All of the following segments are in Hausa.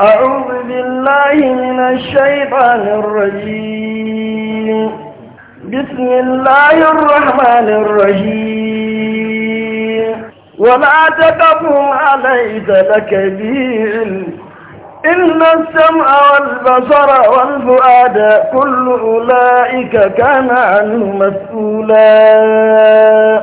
أعوذ بالله من الشيطان الرجيم بسم الله الرحمن الرحيم ولا تقف عليك لكبير علم إن السمع والبصر والفؤاد كل أولئك كان عنه مسؤولا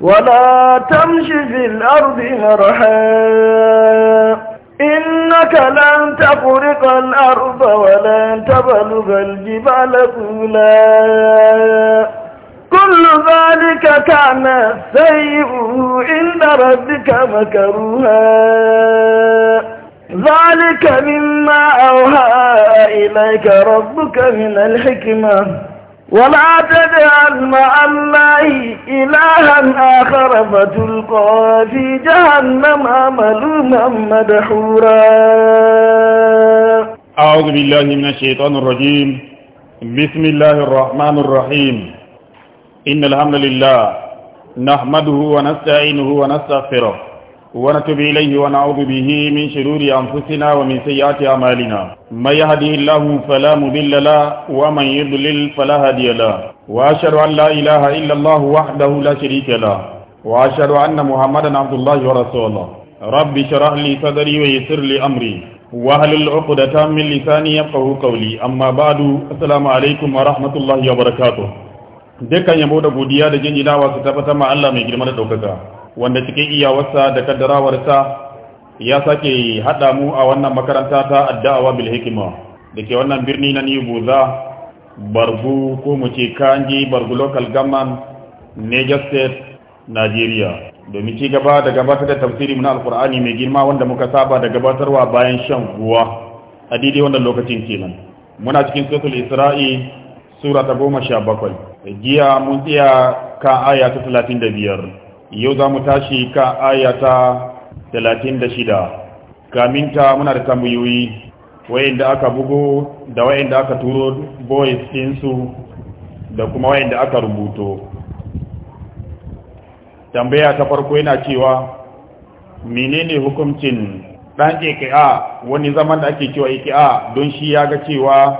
ولا تمش في الأرض مرحا إنك لن تفرق الأرض ولن تبلغ الجبال طولا كل ذلك كان سيئه عند ربك مكروها ذلك مما أوهى إليك ربك من الحكمة ولا تجعل مع الله إلها آخر فتلقى في جهنم ملوما مدحورا أعوذ بالله من الشيطان الرجيم بسم الله الرحمن الرحيم إن الحمد لله نحمده ونستعينه ونستغفره ونتب إليه ونعوذ به من شرور أنفسنا ومن سيئات أعمالنا من يهده الله فلا مضل له ومن يضلل فلا هادي له وأشهد أن لا إله إلا الله وحده لا شريك له وأشهد أن محمدا عبد الله ورسوله رب اشرح لي صدري ويسر لي أمري واحلل عقدة من لساني يفقهوا قولي أما بعد السلام عليكم ورحمة الله وبركاته dukkan yabo da godiya da jinjinawa su tabbatar ma Allah mai girma da ɗaukaka wanda cikin iyawarsa da kaddarawarsa ya sake haɗa mu a wannan makaranta ta addawa bil hikima da wannan birni na nibu Buza, bargu ko mu ce kanji bargu local government niger state nigeria domin ci gaba da gabatar da tafsiri na alkur'ani mai girma wanda muka saba da gabatarwa bayan shan guwa a daidai wannan lokacin kenan muna cikin sotul isra'i sura ta goma sha bakwai jiya mun tsaya kan aya ta talatin da biyar yau za mu tashi kan ayata talatin da shida kaminta muna da tambayoyi da aka bugo da da aka turo boys ɗinsu da kuma da aka rubuto tambaya ta farko yana cewa menene hukuncin ɗan iki'a wani zaman da ake cewa iki'a don shi ya ga cewa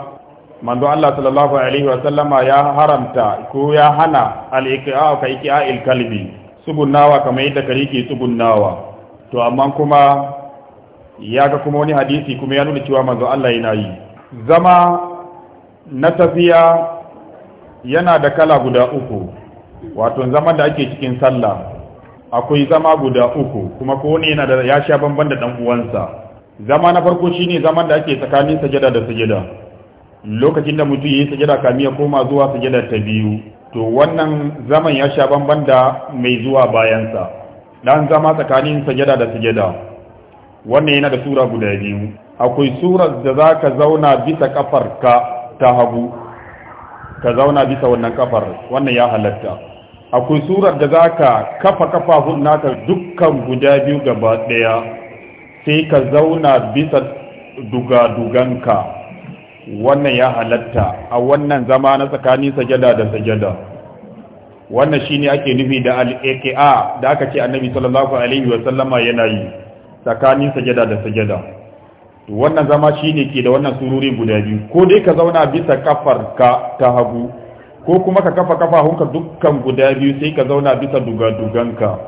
manzo Allah sallallahu alaihi wa ya haramta ko ya hana al-iki'a ka iki'a kalbi tsugunnawa kamar yadda kare ke tsugunnawa to amma kuma ya ga kuma wani hadisi kuma ya nuna cewa manzo Allah yana yi zama na tafiya yana da kala guda uku wato zama da ake cikin sallah akwai zama guda uku kuma ne yana da ya sha bamban da dan uwansa zama na farko shine zaman da ake tsakanin sajada da sajada lokacin da mutum yayi sajada kamin ya koma zuwa sajada ta biyu to wannan zaman ya sha bamban da mai zuwa bayansa dan zama tsakanin sajada da sajada wannan yana da sura guda biyu akwai surar da za ka zauna bisa ka ta hagu ka zauna bisa wannan kafar wannan ya halatta akwai surar da za ka kafa kafafun naka dukkan guda biyu gaba daya sai ka zauna bisa dugaduganka wannan ya halatta a wannan zama na tsakanin sajada da sajada wannan shine ake nufi da al da aka ce annabi sallallahu alaihi wa sallama yana yi tsakanin sajada da sajada wannan zama shine ke da wannan sururi guda biyu ko dai ka zauna bisa kafar ka ta hagu ko kuma ka kafa hunka dukkan guda biyu sai ka zauna bisa duga-duganka.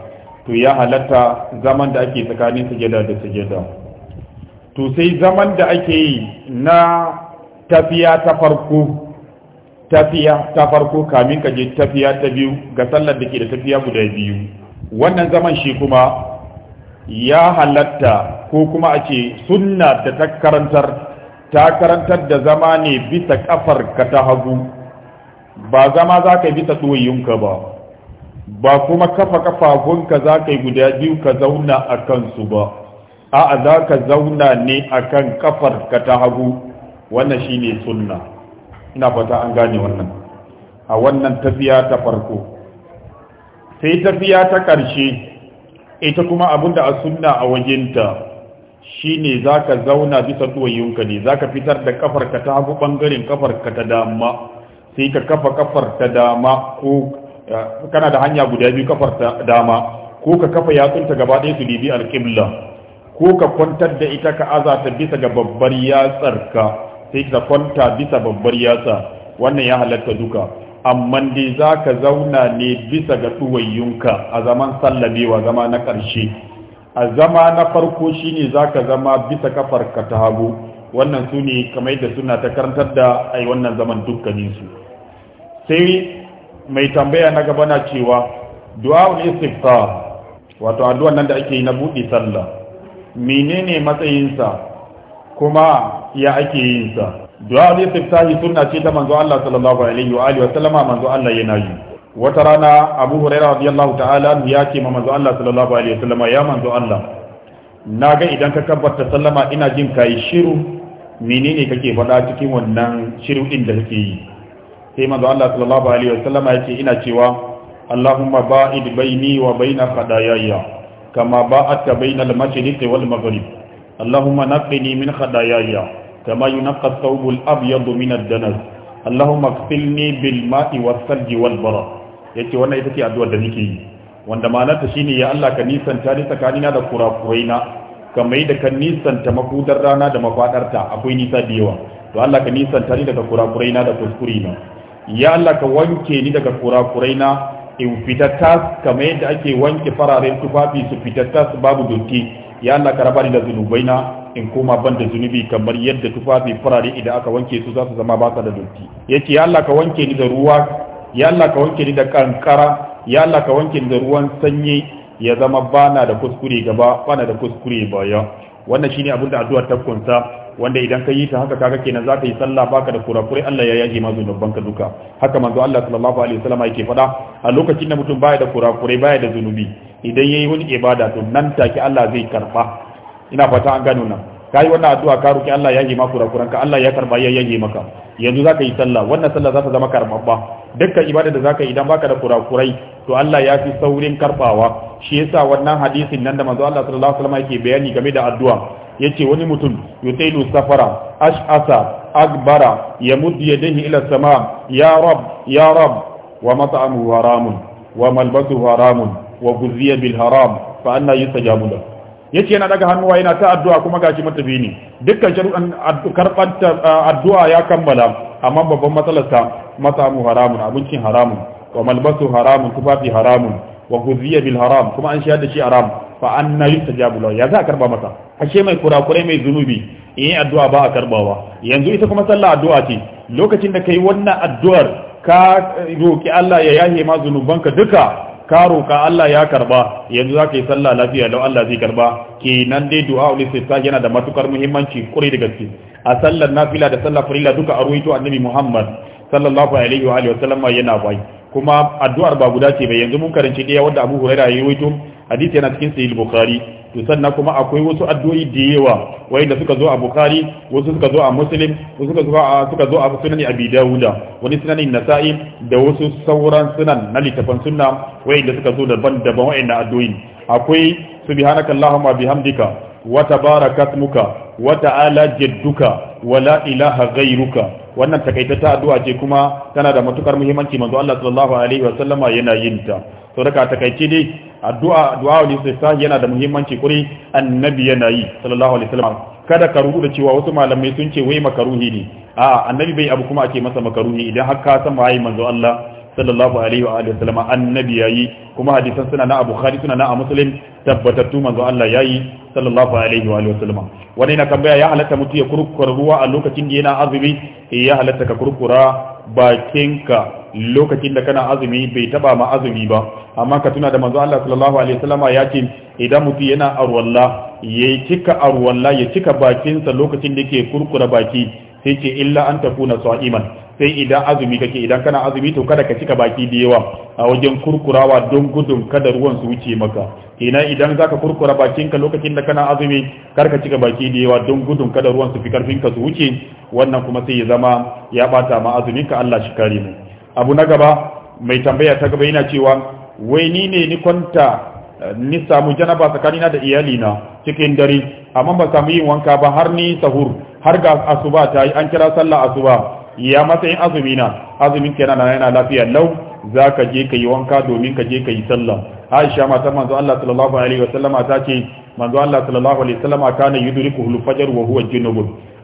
to ya halatta zaman da ake tsakanin sajada da sajada to sai zaman da ake yi na tafiya ta farko tafiya ta farko kamin ka je tafiya ta biyu ga sallar da ke da tafiya guda biyu wannan zaman shi kuma ya halatta ko kuma a ce sunna da ta karantar ta karantar da zama ne bisa kafar ka ta hagu ba zama za ka bisa tsoyinka ba ba kuma kafa kafafunka za ka yi guda biyu ka zauna a kansu ba a'a za ka zauna ne akan kafar ka ta hagu wannan shi ne sunna ina fata an gane wannan a wannan tafiya ta farko sai tafiya ta ƙarshe ita kuma abinda a sunna a wajenta za ka zauna bisa duwayunka ne Za ka fitar da kafarka ta hagu bangaren kafarka ta dama sai ka kafa kafar ta dama ko eh, kana da hanya guda biyu kafar ta dama ko ka kafa yatsunta gaba ɗaya su bibi alƙibla ko ka kwantar da ita ka azata bisa ga babbar yatsarka sai ka kwanta bisa babbar yatsa wannan ya halatta duka amma dai za ka zauna ne bisa ga tuwayyunka a zaman sallamewa zama na ƙarshe a zama na farko shi ne za ka zama bisa kafar ka ta hagu wannan su ne kamar yadda suna ta karantar da ai wannan zaman dukkaninsu sai mai tambaya na gaba na cewa du'a istiftar wato addu'a nan da ake yi na buɗe sallah menene matsayinsa kuma ya ake yin sa du'a ne tsiftahi sunna ce ta manzo Allah sallallahu alaihi wa alihi wa sallama manzo Allah yana yi wata rana Abu Hurairah radiyallahu ta'ala ya ce ma manzo Allah sallallahu alaihi wa sallama ya manzo Allah na ga idan ka kabbata sallama ina jin kai shiru menene kake faɗa cikin wannan shiru din da kake yi sai manzo Allah sallallahu alaihi wa sallama ya ce ina cewa Allahumma ba'id baini wa baina khadayaya كما باعدت بين المشرق والمغرب اللهم نقني من خطاياي كما ينقى الثوب الأبيض من الدنس اللهم اغسلني بالماء والثلج والبرد yace wannan ita ce addu'ar da nake yi wanda ma'anarta shine ya Allah ka nisanta ni tsakanina da kurakuraina kamar da ka nisanta makudar rana da mafadarta akwai nisa da yawa to Allah ka nisanta ni daga kurakuraina da kuskurina ya Allah ka wanke ni daga kurakuraina in fitatta kamar yadda ake wanke fararen tufafi su fitatta babu dotti ya Allah ka raba ni da zunubaina in koma ban da zunubi kamar yadda tufafi farare idan aka wanke su za su zama ba da dotti ya ya Allah ka wanke ni da ruwa ya ka wanke ni da kankara ya ka wanke ni da ruwan sanyi ya zama bana da kuskure gaba bana da kuskure baya wannan shine abin da addu'ar ta kunsa wanda idan ka yi ta haka kaga kenan za ka yi sallah baka da kurakurai Allah ya yaje ma zunubanka duka haka manzo Allah sallallahu alaihi wasallam yake faɗa a lokacin da mutum baya da kurakurai baya da zunubi idan yayi wani ibada to nan take Allah zai karba ina fata an gano nan kai wannan addu'a ka roki Allah ya yi maka kurakuran ka Allah ya karba ya yaye maka yanzu zaka yi sallah wannan sallah zaka zama karbabba dukkan ibada da zaka yi idan baka da kurakurai to Allah ya fi saurin karbawa shi yasa wannan hadisin nan da manzo Allah sallallahu alaihi wasallam yake bayani game da addu'a yace wani mutum yutailu safara ash'asa akbara yamud yadayhi ila sama ya rab ya rab wa mat'amuhu haramun wa malbasu haramun wa guziya bil haram fa anna yustajabu lahu yace yana daga hannuwa yana ta addu'a kuma gashi matafi ne dukkan sharuɗan karban addu'a ya kammala amma babban matsalar ta matsamu haramun abincin haramun wa malbasu haramun tufafi haramun wa huziya bil haram kuma an shayar da shi haram fa anna yustajabu ya za a karba masa ashe mai kurakurai mai zunubi in addu'a ba a karbawa yanzu ita kuma sallah addu'a ce lokacin da kai wannan addu'ar ka roki Allah ya yahe ma zunubanka duka karo ka Allah ya karba yanzu za ka yi sallah lafiya don Allah zai karba ke nan dai du'a ul yana da matukar muhimmanci kure da gaske a sallar nafila da sallar farila duka a ruwaito annabi Muhammad sallallahu alaihi wa alihi wasallam yana bai kuma addu'ar ba guda ce bai yanzu mun karanci daya wanda Abu Hurairah ya ruwaito hadisi yana cikin sahih Bukhari to sannan kuma akwai wasu addu'o'i da yawa wanda suka zo a bukhari wasu suka zo a muslim wasu suka zo a sunan abi dawuda wani sunan nasa'i da wasu sauran sunan na littafan sunna wanda suka zo daban-daban wa'annan addu'o'i akwai subhanaka allahumma bihamdika wa tabaraka ismuka wa ta'ala jadduka wa la ilaha ghayruka wannan takaitatta addu'a ce kuma tana da matukar muhimmanci manzo Allah sallallahu alaihi wa sallama yana yin ta to takaice dai addu'a du'a ne sai yana da muhimmanci kuri annabi yana yi sallallahu alaihi wasallam kada ka rubuta cewa wasu malamai sun ce wai makaruhi ne a annabi bai abu kuma ake masa makaruhi idan har ka san mai manzo Allah sallallahu alaihi wa alihi wasallam annabi yayi kuma hadisan suna na Abu Khari suna na Muslim tabbatattu manzo Allah yayi sallallahu alaihi wa alihi wasallam wani na tambaya ya halatta mutu ya kurkura ruwa a lokacin da yana azumi eh, ya halatta ka kurkura bakinka lokacin da kana azumi bai taba ma azumi ba amma ka tuna da manzo Allah sallallahu alaihi wasallama ya ce idan mutum yana arwalla ya cika arwalla ya cika bakinsa lokacin da yake kurkura baki sai ce illa an takuna sa'iman sai idan azumi kake idan kana azumi to kada ka cika baki da yawa a wajen kurkurawa don gudun kada ruwan su wuce maka ina idan zaka kurkura bakinka lokacin da kana azumi kar ka cika baki da yawa don gudun kada ruwan su fi karfin ka su wuce wannan kuma sai ya zama ya bata ma azumin ka Allah shi kare mu abu na gaba mai tambaya ta gaba yana cewa wai ni ne ni kwanta ni samu janaba tsakanina da iyalina cikin dare amma ba samu yin wanka ba har ni sahur har ga asuba ta yi an kira sallah asuba ya matsayin azumi na azumin kenan yana lafiya lau za ka je ka yi wanka domin ka je ka yi sallah aisha mata manzo Allah sallallahu alaihi wa sallama ta ce manzo Allah sallallahu alaihi wa sallama kana yudriku al-fajr wa huwa junub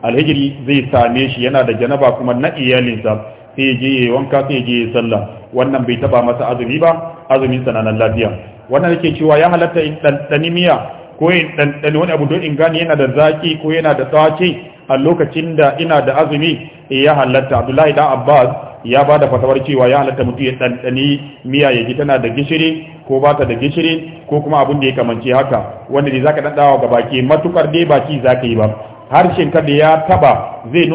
al zai same shi yana da janaba kuma na iyalinsa sai ya je ya wanka sai ya je ya sallah wannan bai taba masa azumi ba azumin nan lafiya wannan yake cewa ya halatta in ɗanɗani miya ko in ɗanɗani wani abu don in gani yana da zaki ko yana da tsace a lokacin da ina da azumi eh, ya halatta abdullahi da abbas ya ba da fatawar cewa ya halatta mutum ya ɗanɗani miya ya ji tana da gishiri ko ba ta da gishiri ko kuma abin da ya kamance haka wanda dai zaka ɗanɗawa ga baki matukar dai baki zaka yi ba harshen ka da ya taba zai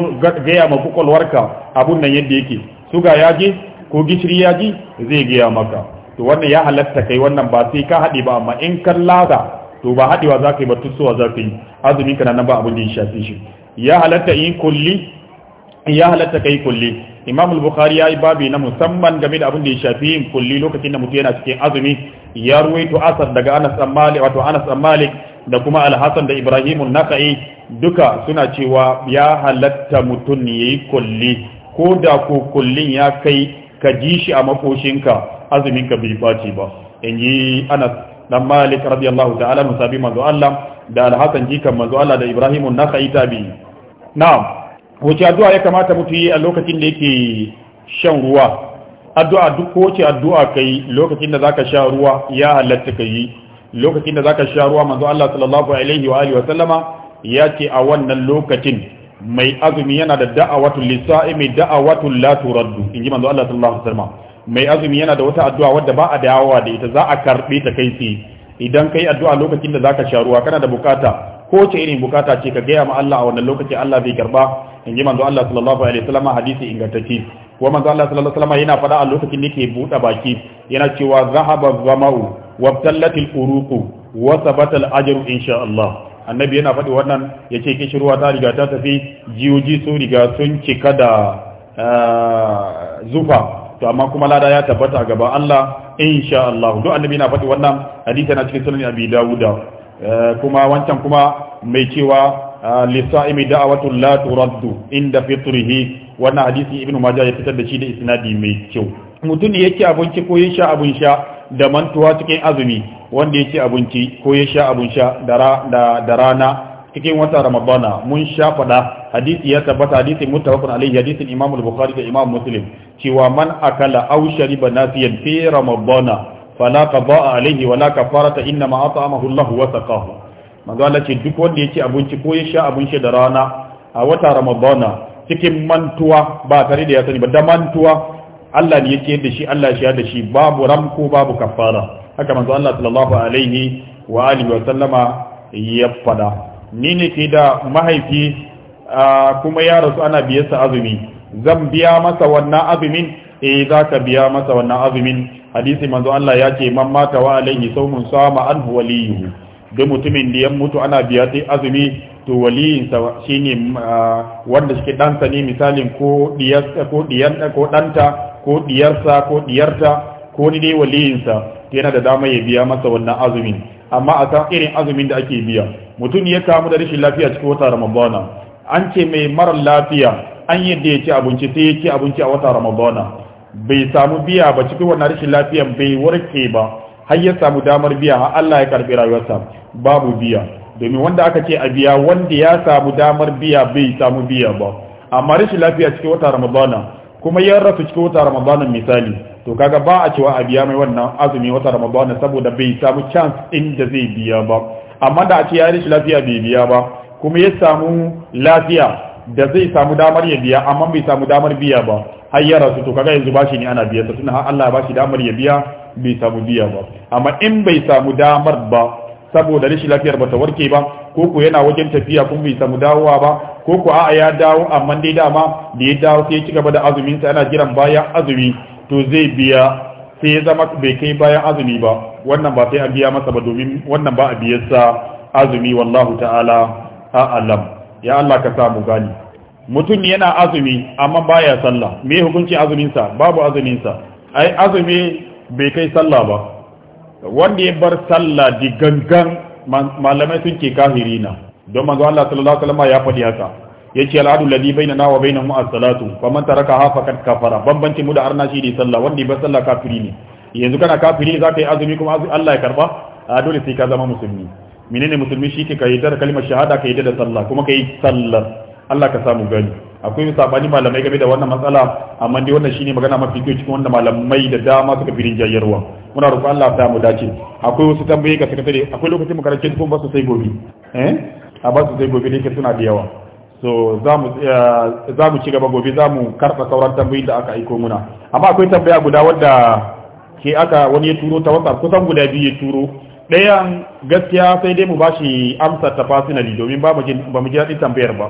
gaya ma kwakwalwarka abun nan yadda yake suga ya ji ko gishiri ya ji zai gaya maka to wannan ya halatta kai wannan ba sai ka haɗe ba amma in kan lada to ba haɗewa za ka yi ba tutsuwa za ka yi azumin ka nan ba abin da ya shafi shi ya halatta yi kulli ya halatta kai kulli imam al-bukhari ya yi babi na musamman game da abin da ya shafi yin kulli lokacin da mutum yana cikin azumi ya ruwaito asar daga anas malik wato anas malik da kuma alhassan da ibrahimun naka'i duka suna cewa ya halatta mutum ya yi kulli ko da ko kullin ya kai ka ji shi a makoshinka azuminka bai baci ba in yi anas dan malik radiyallahu ta'ala musabi manzo Allah da alhassan jikan manzo Allah da ibrahimun naka'i tabi na'am wace addu'a ya kamata mutum yi a lokacin da yake shan ruwa addu'a duk ko wace addu'a kai lokacin da zaka sha ruwa ya halatta ka yi lokacin da zaka sha ruwa manzo Allah sallallahu alaihi wa alihi wa sallama ya ce a wannan lokacin mai azumi yana da da'awatul lisa'imi da'awatul la turaddu ji manzo Allah sallallahu alaihi wa sallama mai azumi yana da wata addu'a wadda ba a dawowa da ita za a karbe ta kai tsaye idan kai addu'a lokacin da zaka sha ruwa kana da bukata ko ce irin bukata ce ka gaya ma Allah a wannan lokaci Allah zai karba in ji manzo Allah sallallahu alaihi wa sallama hadisi ingantacce kuma manzo Allah sallallahu alaihi wa sallama yana faɗa a lokacin da yake buɗe baki yana cewa zahaba zamau wabtallatil uruqu wa thabatal ajru insha Allah annabi yana faɗi wannan yace kishirwa ta riga ta tafi jiyoji sun riga sun cika da eh, zufa to amma kuma lada ya tabbata gaba Allah insha Allah duk annabi yana faɗi wannan hadisi na cikin sunan Abi Dawud eh, kuma wancan kuma mai cewa eh, lisa'imi da'awatu la turaddu inda fitrihi wannan hadisi ibnu majah ya fitar da shi da isnadi mai kyau mutum ne yake abinci ko ya sha abin sha da mantuwa cikin azumi wanda ya ci abinci ko ya sha abin sha da rana cikin wata ramadana mun sha fada hadisi ya tabbata hadisi mutawakun alayhi hadisin imam al-bukhari da imam muslim cewa man akala aw shariba nasiyan fi ramadana fala qada'a alayhi wala kafarata inna ma at'amahu Allah wa saqahu manzo Allah ce duk wanda ya ci abinci ko ya sha abin sha da rana a wata ramadana cikin mantuwa ba tare da ya sani ba da mantuwa Allah ne yake da shi Allah shi ya da shi babu ram ko babu kafara haka manzo Allah sallallahu alaihi wa alihi wa sallama ya fada ni ne ke da mahaifi kuma ya rasu ana biyarsa azumi zan biya masa wannan azumin eh za ka biya masa wannan azumin hadisi manzo Allah ya ce man mata wa alaihi sawmun sama an waliyuhu da mutumin da ya mutu ana biya sai azumi to waliyinsa shine ah, wanda shi dansa ne misalin ko diyarsa ko diyarsa ko ɗanta ko diyarsa ko diyarta ko ni dai waliyinsa yana da dama ya biya masa wannan azumin amma a san irin azumin da ake biya mutum ya kamu da rashin lafiya cikin wata ramadana an ce mai mara lafiya an yadda ya ci abinci sai ya ci abinci a wata ramadana bai samu biya ba cikin wannan rashin lafiyan bai warke ba har ya samu damar biya har Allah ya karbi rayuwarsa babu biya domin wanda aka ce a biya wanda ya samu damar biya bai samu biya ba amma rashin lafiya cikin wata ramadana kuma ya rasu cikin wata ramadana misali to kaga ba a cewa a biya mai wannan azumi wata ramadana saboda bai samu chance da zai biya ba amma da a ce ya rashin lafiya bai biya ba kuma ya samu lafiya da zai samu damar ya biya amma bai samu damar biya ba har ya rasu to kaga yanzu bashi ne ana biya ta tunda har Allah ya bashi damar ya biya bai samu biya ba amma in bai samu damar ba saboda rashin lafiyar bata warke ba ko ko yana wajen tafiya kun bai samu dawowa ba ko ko a'a ya dawo amma dai dama da ya dawo sai ya ci gaba da azumin sa yana jiran bayan azumi to zai biya sai ya zama bai kai bayan azumi ba wannan ba sai a biya masa ba domin wannan ba a biyarsa azumi wallahu ta'ala a'lam ya Allah ka samu gani mutum yana azumi amma baya sallah me hukunci azumin sa babu azumin sa ai azumi bai kai sallah ba wanda ya bar sallah di gangan malamai sun ke na don manzo Allah sallallahu alaihi wasallam ya faɗi haka ya yace al'adu ladhi bainana wa bainahum as-salatu faman tarakaha faqad kafara bambanci mu da arna shi ne sallah wanda ya bar sallah kafiri ne yanzu kana kafiri za ka yi azumi kuma Allah ya karba a dole sai ka zama musulmi menene musulmi shi ke ka yi da kalmar shahada ka da sallah kuma ka yi sallar Allah ka samu gani akwai sabani malamai game da wannan matsala amma dai wannan shine magana mafi kyau cikin wanda malamai da dama suka firin jayyarwa muna roƙon Allah ta mu dace akwai wasu tambaye ga sakatare akwai lokacin makarantun tun ba su sai gobe eh a ba su sai gobe ne ke suna da yawa so eh, za mu ci gaba gobe za mu karɓa sauran tambayoyin da aka aiko muna amma akwai tambaya guda wadda ke aka wani ya turo ta wasa kusan guda biyu ya turo ɗayan gaskiya sai dai mu ba shi amsa ta fasinali domin ba mu ji daɗin tambayar ba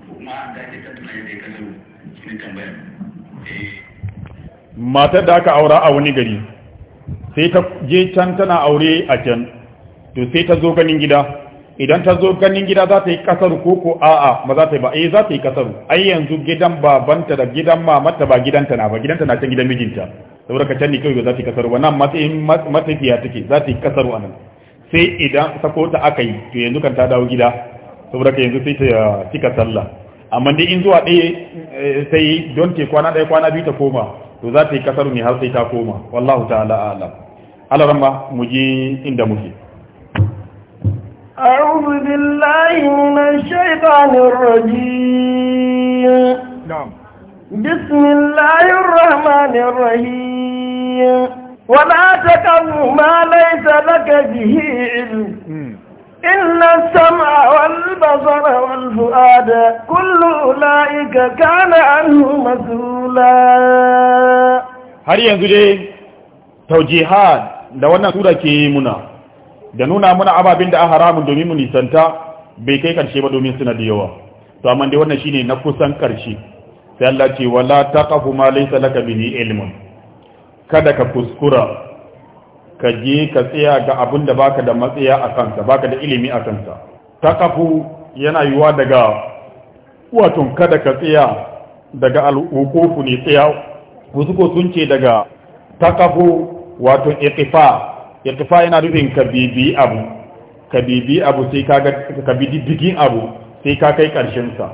kuma da ke da ya kasu tambayar matar da aka aura a wani gari sai ta je can tana aure a can to sai ta zo ganin gida idan ta zo ganin gida za ta yi kasar ko ko a'a ba za ta yi ba eh za ta yi kasar ai yanzu gidan babanta da gidan mamata ba gidanta na ba gidanta na can gidan mijinta saboda ka can ne kawai ba za ta yi kasar wannan matsayin matafiya take za ta yi kasar nan sai idan sako ta aka yi to yanzu kan ta dawo gida saboda ka yanzu sai ta uh, cika sallah amma dai in zuwa ɗaya eh, sai don ke kwana ɗaya kwana biyu ta koma to za ta yi kasar ne har sai ta koma wallahu ta'ala alam alaram ba mu je inda muke أعوذ بالله من الشيطان الرجيم بسم الله الرحمن الرحيم ولا تقف ما ليس لك به علم إن السمع والبصر والفؤاد كل أولئك كان عنه مسؤولا har yanzu dai taujihan da wannan sura ke yi muna da nuna muna ababin da a haramun domin mu nisanta bai kai karshe ba domin suna da yawa to amma dai wannan shine na kusan karshe sai Allah ce wala taqafu ma laysa laka bihi ilmun kada ka kuskura ka je ka tsaya ga abin da baka da matsaya a kansa baka da ilimi a kansa ta kafu yana yiwa daga wato kada ka tsaya daga al'ukofu ne tsaya wasu ko sun ce daga ta kafu wato ikifa ikifa yana nufin ka bibi abu ka bibi abu sai ka ka bididdigin abu sai ka kai karshen sa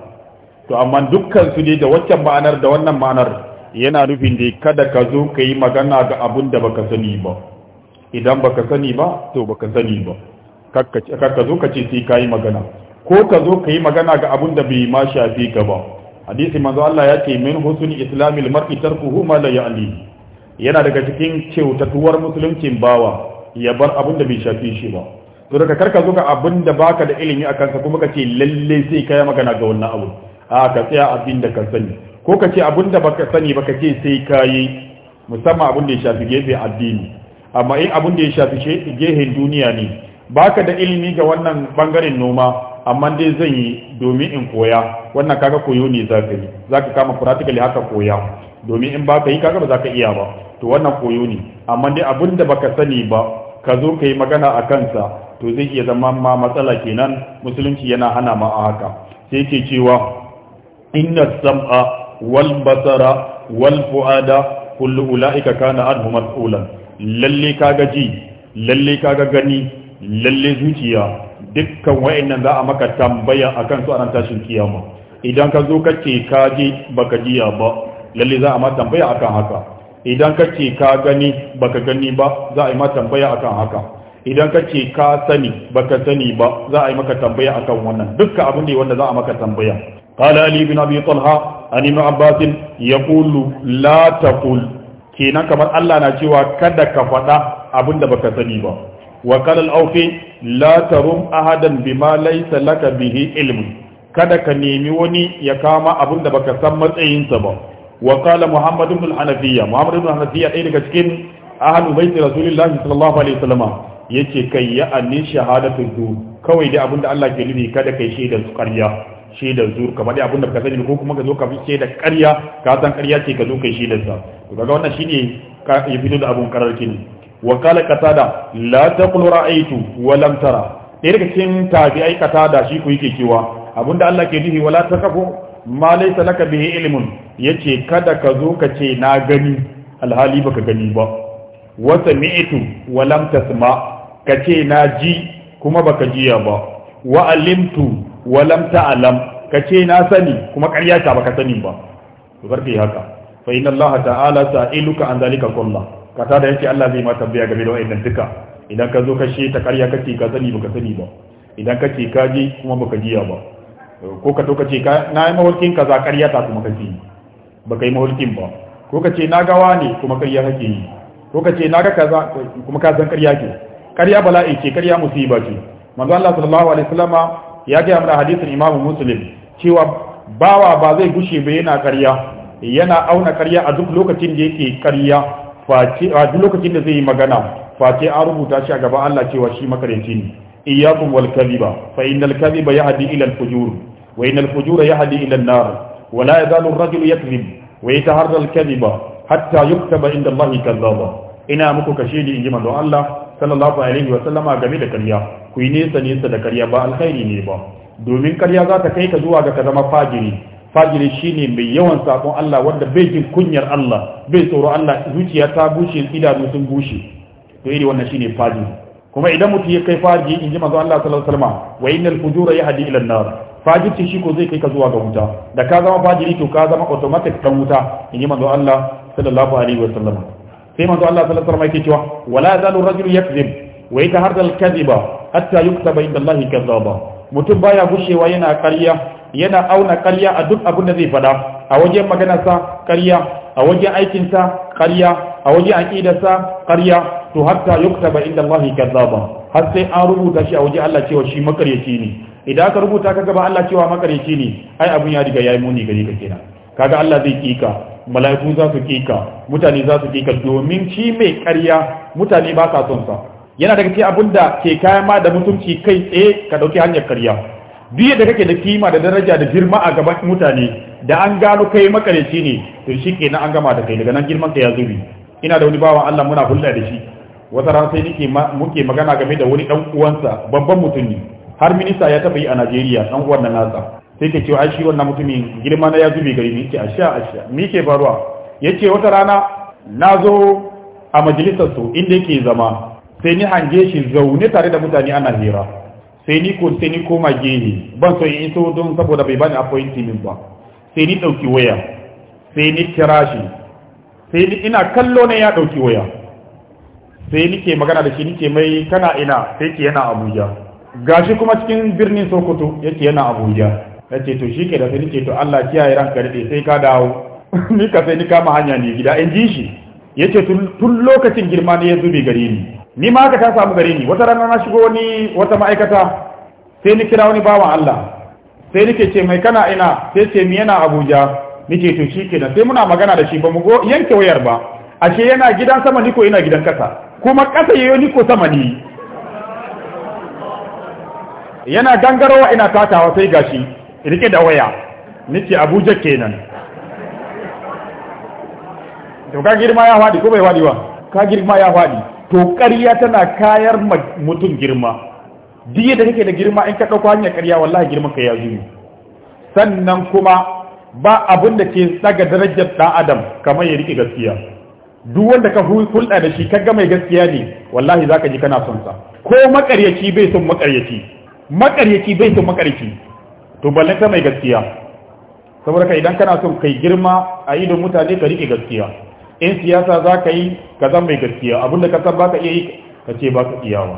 to amma dukkan su ne da waccan ma'anar da wannan ma'anar yana nufin dai kada ka zo ka yi magana ga abun da baka sani ba idan baka sani ba to baka sani ba kakka zo ka ce sai ka yi magana ko ka zo ka yi magana ga abun da bai ma shafi ka ba hadisi manzo Allah ya ce min husn islamil mar'i tarkuhu ma la ya'ni yana daga cikin cewtatuwar musulunci bawa ya bar abun da bai shafi shi ba to daga karka zo ga abun da baka da ilimi akan sa kuma ka ce lalle sai kayi magana ga wannan abu a ka tsaya abin da ka sani ko ka ce abun da baka sani baka ce sai kayi musamman abun da ya shafi gefe addini amma in abin da ya shafi gehen duniya ne baka da ilimi ga wannan bangaren noma amma dai zan yi domin in koya wannan kaga koyo ne za yi za kama practically haka koya domin in baka yi kaga ba za ka iya ba to wannan koyo ne amma dai abin da baka sani ba ka zo ka yi magana a kansa to zai iya zama ma matsala kenan musulunci yana hana ma a haka sai ke cewa inna sam'a wal basara wal fuada kullu ulaika kana anhu mas'ulan lalle kaga ji lalle kaga gani lalle zuciya dukkan wa'annan za a maka tambaya akan su a ran tashin kiyama idan ka zo kace ka ji baka jiya ba lalle za a ma tambaya akan haka idan kace ka gani baka gani ba za a yi ma tambaya akan haka idan ka ce ka sani baka sani ba za a yi maka tambaya akan wannan dukkan abin ne wanda za a maka tambaya قال علي بن أبي طلحة عن ابن عباس يقول لا تقول kenan kamar Allah na cewa kada ka faɗa abin da baka sani ba wa qala al-awfi la tarum ahadan bima laysa laka bihi kada ka nemi wani ya kama abin da baka san matsayinsa ba wa qala muhammad ibn al-hanafiya muhammad ibn al-hanafiya ɗaya daga cikin ahlul bait rasulullah sallallahu alaihi wasallam yace kai ya anni shahadatu kawai da abin da Allah ke nufi kada kai shaidar su ƙarya shaidar zuwa kamar da abin da ka sani ko kuma ka zo ka fi shaidar ƙarya ka san ƙarya ce ka zo kai shaidar sa to kaga wannan shine ya fito da abun karar kini wa kala qatada la taqul ra'aytu wa lam tara dai daga cikin ai qatada shi ku yake cewa abinda Allah ke dihi wala takafu ma laysa laka bihi ilmun yace kada ka zo ka ce na gani alhali baka gani ba wa sami'tu wa lam tasma ka ce na ji kuma baka jiya ba wa alimtu walam ta'lam ce na sani kuma ƙarya ta baka sani ba to karfe haka fa inna Allah ta'ala sa'iluka an zalika kullu ka ta da yake Allah zai ma tambaya game da wa'annan duka idan ka zo ka she ta ƙarya kace ka sani baka sani ba idan kace ka ji kuma baka jiya ba ko ka to kace ka na yi mahulkin kaza ƙarya ta kuma kace baka yi mahulkin ba ko kace na gawa ne kuma ƙarya kake yi ko kace na ga kaza kuma ka san ƙarya ke ƙarya bala'i ce ƙarya musiba ce manzo Allah sallallahu alaihi wasallama ya gaya mana hadisin imam muslim cewa bawa ba zai gushe ba yana karya yana auna karya a duk lokacin da yake karya a duk lokacin da zai yi magana face an rubuta shi a gaban Allah cewa shi makarinci ne iyyakum wal kadhiba fa innal kadhiba yahdi ila al fujur wa innal fujura yahdi ila an nar wa la yazalu ar-rajulu yakdhib wa yataharra al kadhiba hatta yuktaba inda Allah kadhaba ina muku kashe ni inji manzo Allah sallallahu alaihi wa sallama game da karya ku yi nesa nesa da karya ba alkhairi ne ba domin karya za ta kai ka zuwa ga ka zama fajiri fajiri shine mai yawan sakon Allah wanda bai jin kunyar Allah bai tsoro Allah zuciya ta bushe idanu sun bushe to iri wannan shine fajiri kuma idan mutum ya kai fajiri in ji manzo Allah sallallahu alaihi wasallam wa innal fujura yahdi ila an-nar fajirci shi ko zai kai ka zuwa ga wuta da ka zama fajiri to ka zama automatic kan wuta in ji manzo Allah sallallahu alaihi wasallam sai manzo Allah sallallahu alaihi wasallam yake cewa wala zalu rajulu yakzib wa yataharra al-kadhiba hatta yuktaba inda Allah kazzaba mutum baya gushewa yana ƙarya yana auna ƙarya a duk abin da zai faɗa a wajen maganarsa ƙarya a wajen sa ƙarya a wajen sa ƙarya to hatta yuktaba inda Allah kazzaba har sai an rubuta shi a wajen Allah cewa shi makaryaci ne idan aka rubuta ka gaba Allah cewa makaryaci ne ai abun ya riga yayi muni gare ka kenan kaga Allah zai kika mala'iku za su kika mutane za su kika domin shi mai ƙarya mutane ba sa son sa yana daga cikin abin da ke kayan ma da mutunci kai tsaye ka dauki hanyar karya biyu da kake da kima da daraja da girma a gaban mutane da an gano kai makareci ne to shi kenan an gama da kai daga nan girman ka ya zubi ina da wani bawan Allah muna hulɗa da shi wata rana sai nake muke magana game da wani dan uwansa babban mutumi har minista ya taba yi a Najeriya dan uwan nan nasa sai ke cewa shi wannan mutumin girma na ya zube gari ne yake asha asha me ke faruwa yace wata rana nazo a majalisar su inda yake zama sai ni hange shi zaune tare da mutane ana hira sai ni ko sai ni koma gehe ban so in iso don saboda bai bani appointment ba sai ni dauki waya sai ni kira shi sai ni ina kallo ne ya dauki waya sai ni ke magana da shi ni ke mai kana ina sai ke yana Abuja gashi kuma cikin birnin Sokoto yake yana Abuja yace to shike da sai ni ce to Allah kiyaye ranka dade sai ka dawo ni ka sai ni kama hanya ne gida in ji shi yace tun lokacin girma ne ya zube gare ni ni ma aka ta samu gari ni wata rana na shigo wani wata ma'aikata sai ni kira wani bawan Allah sai nake ce mai kana ina sai ce mi yana Abuja nake to shikenan sai muna magana da shi ba mu go yanke wayar ba ashe yana gidan sama ni ko ina gidan kasa kuma kasa yayo ni ko sama ni yana gangarowa ina tatawa sai gashi rike da waya nake Abuja kenan to ka girma ya wadi ko bai wadi ba ka girma ya wadi to ƙarya tana kayar mutum girma diya da kake da girma in ka ɗauko hanyar ƙarya wallahi girman ka ya zuyu sannan kuma ba abin da ke tsaga darajar ɗan adam kamar ya riƙe gaskiya duk wanda ka hulɗa da shi ka ga mai gaskiya ne wallahi za ka ji kana son sa ko maƙaryaci bai son maƙaryaci maƙaryaci bai son maƙaryaci to balle ka mai gaskiya saboda ka idan kana son kai girma a idon mutane ka riƙe gaskiya in siyasa za ka yi ka zan mai gaskiya abinda ka san ba ka iya yi ka ce ba ka iyawa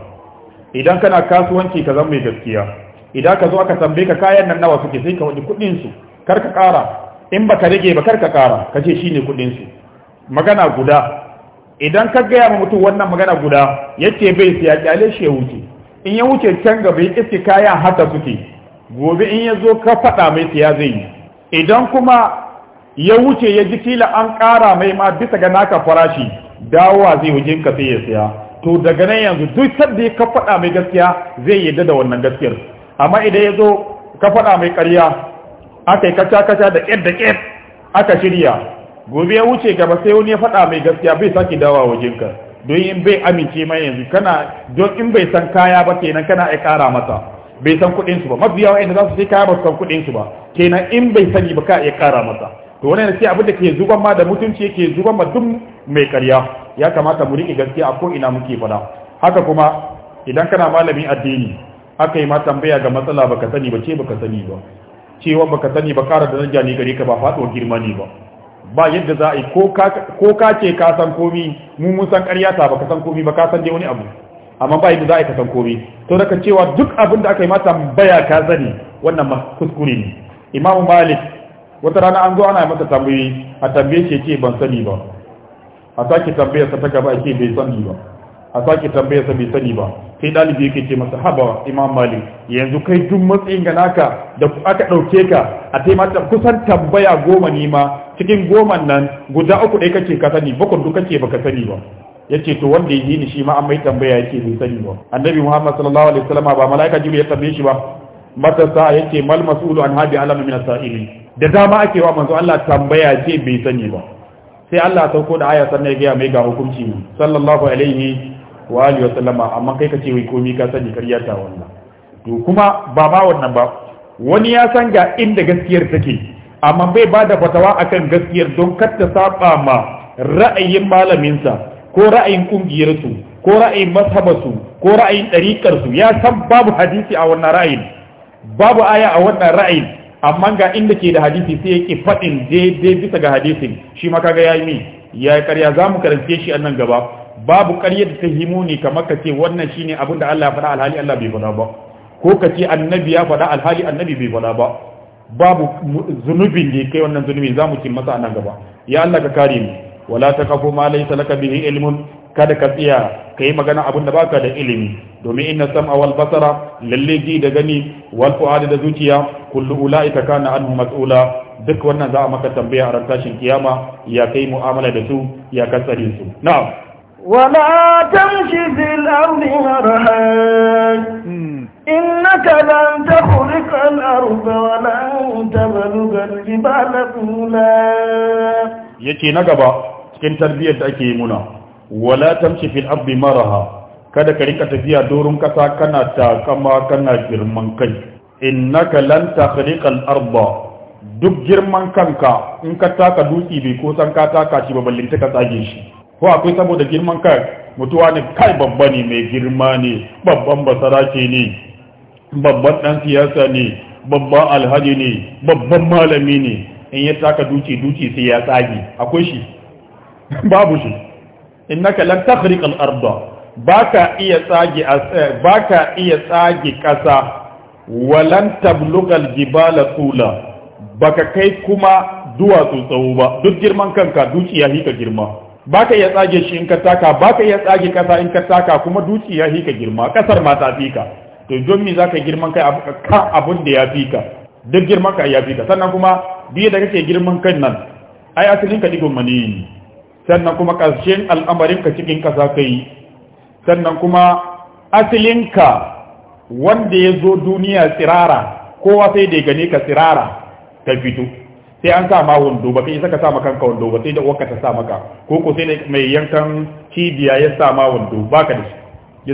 idan kana kasuwanci ka zan mai gaskiya idan ka zo aka tambaye ka kayan nan nawa suke sai ka wani kudin su kar ka kara in baka rage ba kar ka kara ka ce shine kudin su magana guda idan ka gaya ma mutum wannan magana guda yace bai siya kyale shi ya wuce in ya wuce can gaba ya iske kayan haka suke gobe in ya zo ka faɗa mai siya zai yi idan kuma ya wuce ya ji kila an ƙara mai ma bisa ga naka farashi dawowa zai wajen ka sai ya siya. to daga nan yanzu duk sadda ya ka faɗa mai gaskiya zai yadda da wannan gaskiyar amma idan ya zo ka faɗa mai ƙarya aka yi kaca-kaca da ƙyar da ƙyar aka shirya gobe ya wuce gaba sai wani ya faɗa mai gaskiya bai sake dawowa wajen ka don in bai amince mai yanzu kana don in bai san kaya ba kenan kana ai ƙara masa bai san kuɗinsu ba mabiya wa'anda za su sai kaya ba su san kuɗinsu ba kenan in bai sani ba ka iya ƙara masa to wannan sai abin da ke zuban ma da mutunci yake zuban ma duk mai karya ya kamata mu rike gaskiya a ko'ina muke fada haka kuma idan kana malamin addini aka yi ma tambaya ga matsala baka sani ba ce baka sani ba cewa baka sani ba kara da daraja ne gare ka ba faɗo girma ne ba ba yadda za a yi ko ka ce ka san komi mu mun san ƙarya ta baka san komi ba ka san dai wani abu amma ba yadda za a yi ka san komi to daga cewa duk abin da aka yi ma tambaya ka sani wannan kuskure ne imamu malik wata rana an zo ana masa tambayi a tambaye ce ce ban sani ba a sake tambayarsa ta gaba ce bai sani ba a sake tambayarsa bai sani ba sai dalibi yake ce masa haba imam malik yanzu kai duk matsayin ga naka da aka ɗauke ka a mata kusan tambaya goma ne ma cikin goman nan guda uku dai kake ka sani kun duk ba baka sani ba ya ce to wanda ya yi ni shi ma an mai tambaya yake ce bai sani ba annabi muhammad sallallahu alaihi wasallam ba mala'ika jibril ya tambaye shi ba mata ya ce mal mas'ulu an habi alamin min as-sa'ili da dama ake wa manzo Allah tambaya ce bai sani ba sai Allah sauko da aya sannan ya ga mai ga hukunci sallallahu alaihi wa alihi wa sallama amma kai ka wai komai ka sani kariya ta wannan to kuma ba ma wannan ba wani ya san ga inda gaskiyar take amma bai ba da fatawa akan gaskiyar don kar ta saba ma ra'ayin malamin sa ko ra'ayin ƙungiyarsu, ko ra'ayin su ko ra'ayin ɗariƙarsu ya san babu hadisi a wannan ra'ayin babu aya a wannan ra'ayin amma ga inda ke da hadisi sai ya ki faɗin daidai bisa ga hadisin shi ma kaga yayi mi ya karya za mu karance shi a nan gaba babu karya da ta ne kamar ka ce wannan shine abin da Allah ya faɗa alhali Allah bai faɗa ba ko ka ce annabi ya faɗa alhali annabi bai faɗa ba babu zunubin da kai wannan zunubi za mu ci masa a nan gaba ya Allah ka kare mu wala kafu ma laysa laka bihi ilmun kada ka tsaya ka yi magana abin da baka da ilimi domin inna sam'a wal basara lalle ji da gani wal fu'ada da zuciya kullu ulaika kana anhu mas'ula duk wannan za a maka tambaya a ran kiyama ya kai mu'amala da su ya ka tsare su na'am ولا تمش في الأرض مرحا إنك لن تخرق الأرض ولن تبلغ الجبال طولا yake na gaba cikin tarbiyyar da ake muna wala tamshi fil ardi maraha kada ka rika tafiya doron kasa kana takama kana girman kai innaka lan takhriqal arda duk girman kanka in ka taka dutse bai ko san ka taka shi ba ballin taka tsage shi ko akwai saboda girman kai mutuwa ne kai babba ne mai girma ne babban basarake ne babban dan siyasa ne babban alhaji ne babban malami ne in ya taka duci duci sai ya tsage akwai shi babu shi innaka lan takhriq al ardh baka iya tsage eh, baka iya tsage kasa walan tabluga al-jibala tula baka kai kuma duwatsu tsawo ba duk girman kanka dukiya hi hika girma baka iya tsage shi in ka taka baka iya tsage kasa in ka taka kuma dukiya hi hika girma kasar ma ta fika to don me zaka girman kai ka abun da ya fika duk girman ka ya fika sannan kuma biye da kake girman kan nan ai asalin ka digon mani. sannan kuma ƙarshen al'amarinka cikin ƙasa ka yi sannan kuma asilinka wanda ya zo duniya tsirara kowa sai da gane ka tsirara ta fito sai an sa ma wando ba ka isa ka sama kanka wando ba sai da uwarka ta sa maka ko ko sai mai yankan cibiya ya sa ma wando ka da shi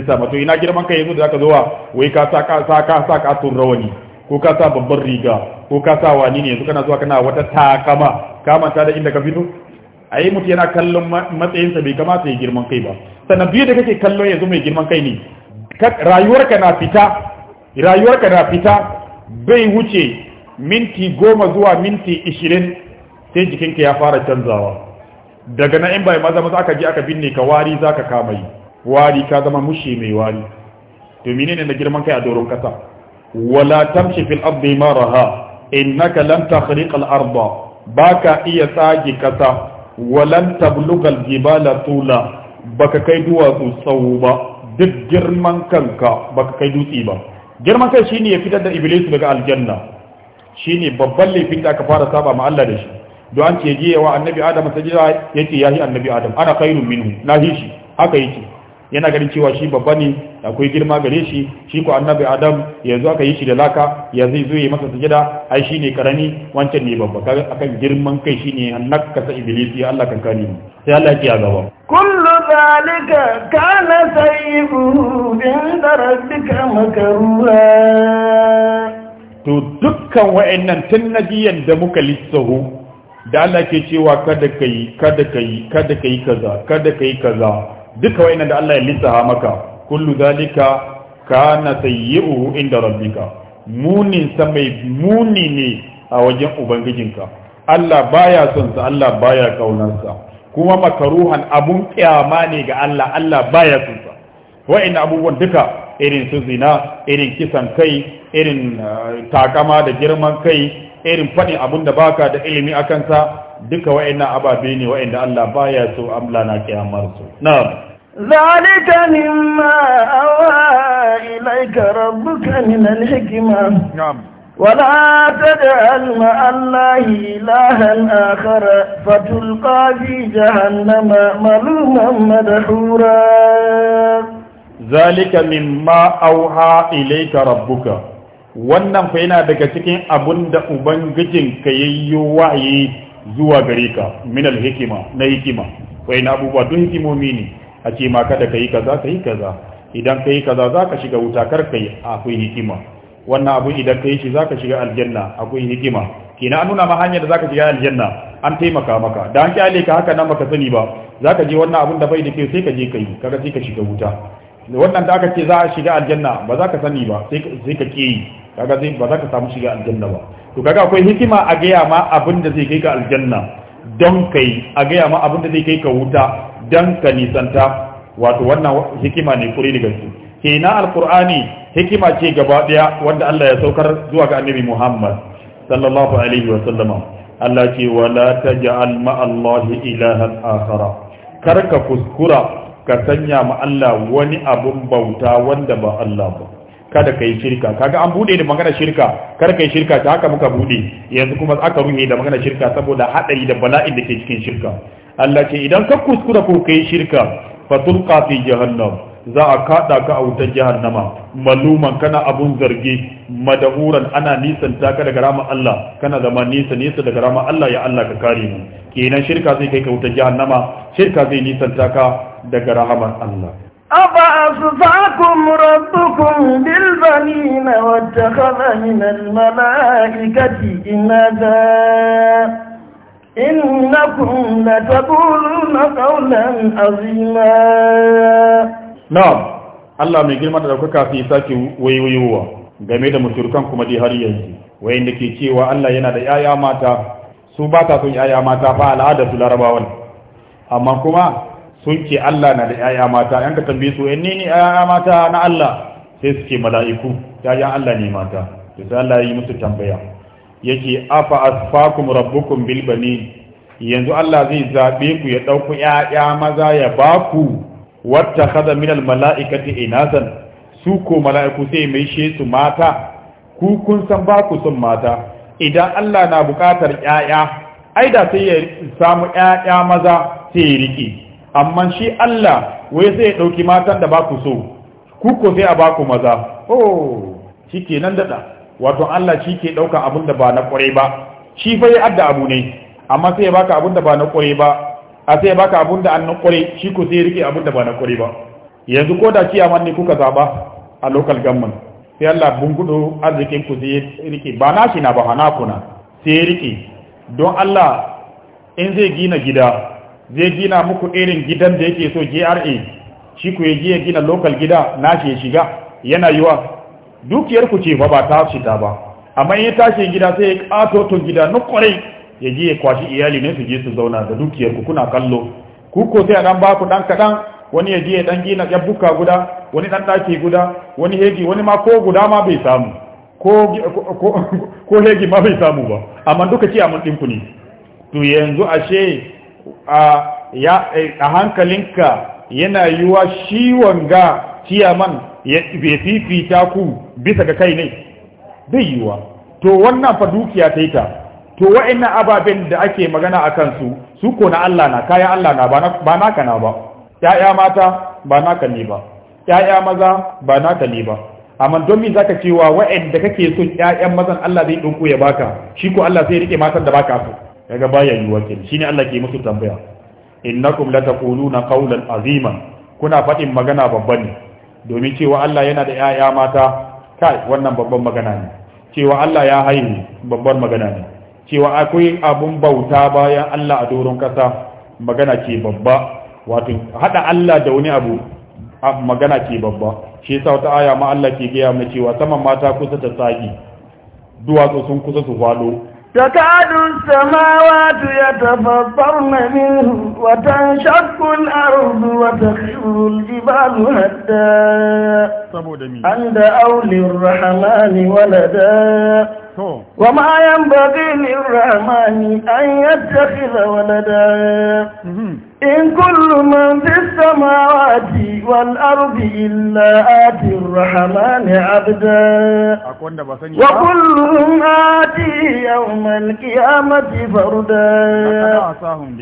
ya sa to ina girman ka yanzu da zaka zo wa wai ka sa ka sa ka sa ka tun rawani ko ka sa babban riga ko ka sa wani ne yanzu kana zuwa kana wata takama ka manta da inda ka fito ai mutu yana kallon matsayinsa bai kamata ya girman kai ba sannan biyu da kake kallon yanzu mai girman kai ne rayuwarka na fita rayuwarka na fita bai wuce minti goma zuwa minti ishirin sai jikinka ya fara canzawa daga na in bai maza maza aka je aka binne ka wari za ka kama yi wari ka zama mushe mai wari to menene na girman kai a doron kasa wala tamshi fil ardi maraha innaka lam takhriqa al arda baka iya tsage kasa walan tablugal jibala tula baka kai duwatsu tsawo ba duk girman kanka baka kai dutse ba girman kai shine ya fitar da iblis daga aljanna shine babban laifin da aka fara saba ma Allah da shi don an ce je wa annabi adam sajida yace yahi annabi adam ana khairun minhu na shi haka yake yana ganin cewa shi babba ne akwai girma gare shi shi ko annabi adam yanzu aka yi shi da laka yanzu zo yi masa sujada ai shi ne karami wancan ne babba kaga akan girman kai shi ne annaka ka sa iblis ya Allah kan kare mu sai Allah ya gaba kullu zalika kana sayyibu inda rabbika makruha to dukkan wa'annan tun nabiyan da muka lissahu da Allah ke cewa kada kai kada kai kada kai kaza kada kai kaza duka wayannan da Allah ya lissaha maka kullu zalika kana sayyi'uhu inda rabbika muni sa mai muni ne a wajen ubangijinka Allah baya son sa Allah baya kaunarsa kuma makaruhan abun kiyama ne ga Allah Allah baya son sa wayannan abubuwan duka irin su zina irin kisan kai irin eh, takama da girman kai irin faɗin abunda da baka da ilimi a kansa duka wa'annan ababe ne wa'anda Allah baya so amla na kiyamar su na'am ذلك مما أوى إليك ربك من الحكمة نعم ولا تجعل مع الله إلها آخر فتلقى في جهنم ملوما مدحورا ذلك مما أوحى إليك ربك wannan fa yana daga cikin abun da ubangijin ka yayyo wahayi zuwa gare ka min hikima na hikima wai abubuwa duk hikimomi ne a ce ma kada ka yi kaza ka yi kaza idan ka yi kaza za ka shiga wuta kar ka yi akwai hikima wannan abu idan ka yi shi za ka shiga aljanna akwai hikima kina an nuna ma hanyar da za ka shiga aljanna an taimaka maka da an kyale ka haka nan baka sani ba za ka je wannan abun da bai da kyau sai ka je ka yi kaga sai ka shiga wuta wannan da aka ce za a shiga aljanna ba za ka sani ba sai ka ke yi kaga sai ba za ka samu shiga aljanna ba to kaga akwai hikima a gaya ma abin da zai kai ka aljanna don kai a gaya ma abin da zai kai ka wuta dan ka nisanta wato wannan hikima ne kuri ne gaske kenan alqur'ani hikima ce gaba daya wanda Allah ya saukar zuwa ga annabi Muhammad sallallahu alaihi wa sallama Allah ce wala taj'al ma Allah ilahan akhara kar ka kuskura ka sanya ma Allah wani abun bauta wanda ba Allah ba kada kai shirka kaga an bude da magana shirka kar kai shirka ta haka muka bude yanzu kuma aka ruhe da magana shirka saboda hadari da bala'in da ke cikin shirka Allah ce idan ka kuskura ko kai shirka fatulqa fi jahannam za a kada ka a wutar jahannama maluman kana abun zargi madahuran ana nisan ta ka daga rama Allah kana zama nisa nisa daga rama Allah ya Allah ka kare mu kenan shirka zai kai ka wutar jahannama shirka zai nisan ta ka daga rahaman Allah أفأصفاكم ربكم بالبنين واتخذ من الملائكة إناثا إنكم لتقولون mai girma da daukaka sai sake wayoyowa game da muturkan kuma dai har yanzu wayanda ke cewa Allah yana da yaya mata su ba ta son yaya mata ba al'ada su larabawan amma kuma sun ce Allah na da yaya mata yanka tambaye su ne ne yaya mata na Allah sai suke mala'iku yayan Allah ne mata to sai Allah ya yi musu tambaya yake afa asfakum rabbukum bil banin yanzu Allah zai zabe ku ya dauko ƴaƴa maza ya baku wata khada min al mala'ikati inasan su ko mala'iku sai mai she su mata ku kun san ba ku son mata idan Allah na bukatar ƴaƴa ai da sai ya samu ƴaƴa maza sai ya rike amma shi Allah wai sai ya dauki matan da ba ku so ku ko sai a ba ku maza oh shikenan dada wato Allah shi ke ɗauka abin da ba na ƙwarai ba shi fa ya adda abu ne amma sai ya baka abin da ba na ƙwarai ba a sai ya baka abin da an na ƙwarai shi ku sai ya rike abin da ba na ƙwarai ba yanzu ko da ciyaman ne kuka zaba a local government sai Allah bunkudo arzikin ku sai ya rike ba na shi na ba hana kuna sai ya rike don Allah in zai gina gida zai gina muku irin gidan da yake so GRA shi ku ya ya gina local gida na shi ya shiga yana yiwa dukiyar ku ce ba ba ta ce ba amma ya tashi gida sai ya kato gida na kwarai ya je ya kwashi iyali ne su je su zauna da dukiyar ku kuna kallo ku ko sai a dan ba ku dan kadan wani ya je ya dan gina ya buka guda wani dan daki guda wani hegi wani ma ko guda ma bai samu ko ko hegi ma bai samu ba amma duka ce a din ne to yanzu ashe a ya a hankalinka yana yiwa shi wanga ciyaman ya fifita ku bisa ga kai ne bai yiwa to wannan fa dukiya ta yi ta to wa'annan ababen da ake magana a kansu su ko na Allah na kayan Allah na ba naka na ba ya'ya mata ba naka ne ba ya'ya maza ba naka ne ba amma don me zaka cewa da kake son ya'yan mazan Allah zai dinko ya baka shi ko Allah zai rike matan da baka so kaga baya yiwuwa Shi shine Allah ke musu tambaya innakum lataquluna qawlan azima kuna faɗin magana babban ne domin cewa Allah yana da ‘ya'ya mata kai wannan babban magana ne cewa Allah ya haihu babban magana ne cewa akwai abun bauta bayan Allah a doron ƙasa magana ce babba wato haɗa Allah da wani abu magana ke babba shi sa wata aya ma Allah ke gaya mana cewa saman mata kusa ta tsagi duwatsu sun kusa su falo تكاد السماوات يتفطرن منه وتنشق الأرض وتخر الجبال هدا عند أولي الرحمن ولدا وما ينبغي للرحمن أن يتخذ ولدا إن كل من في السماوات والأرض إلا آتي الرحمن عبدا وكلهم آتي يوم القيامة فردا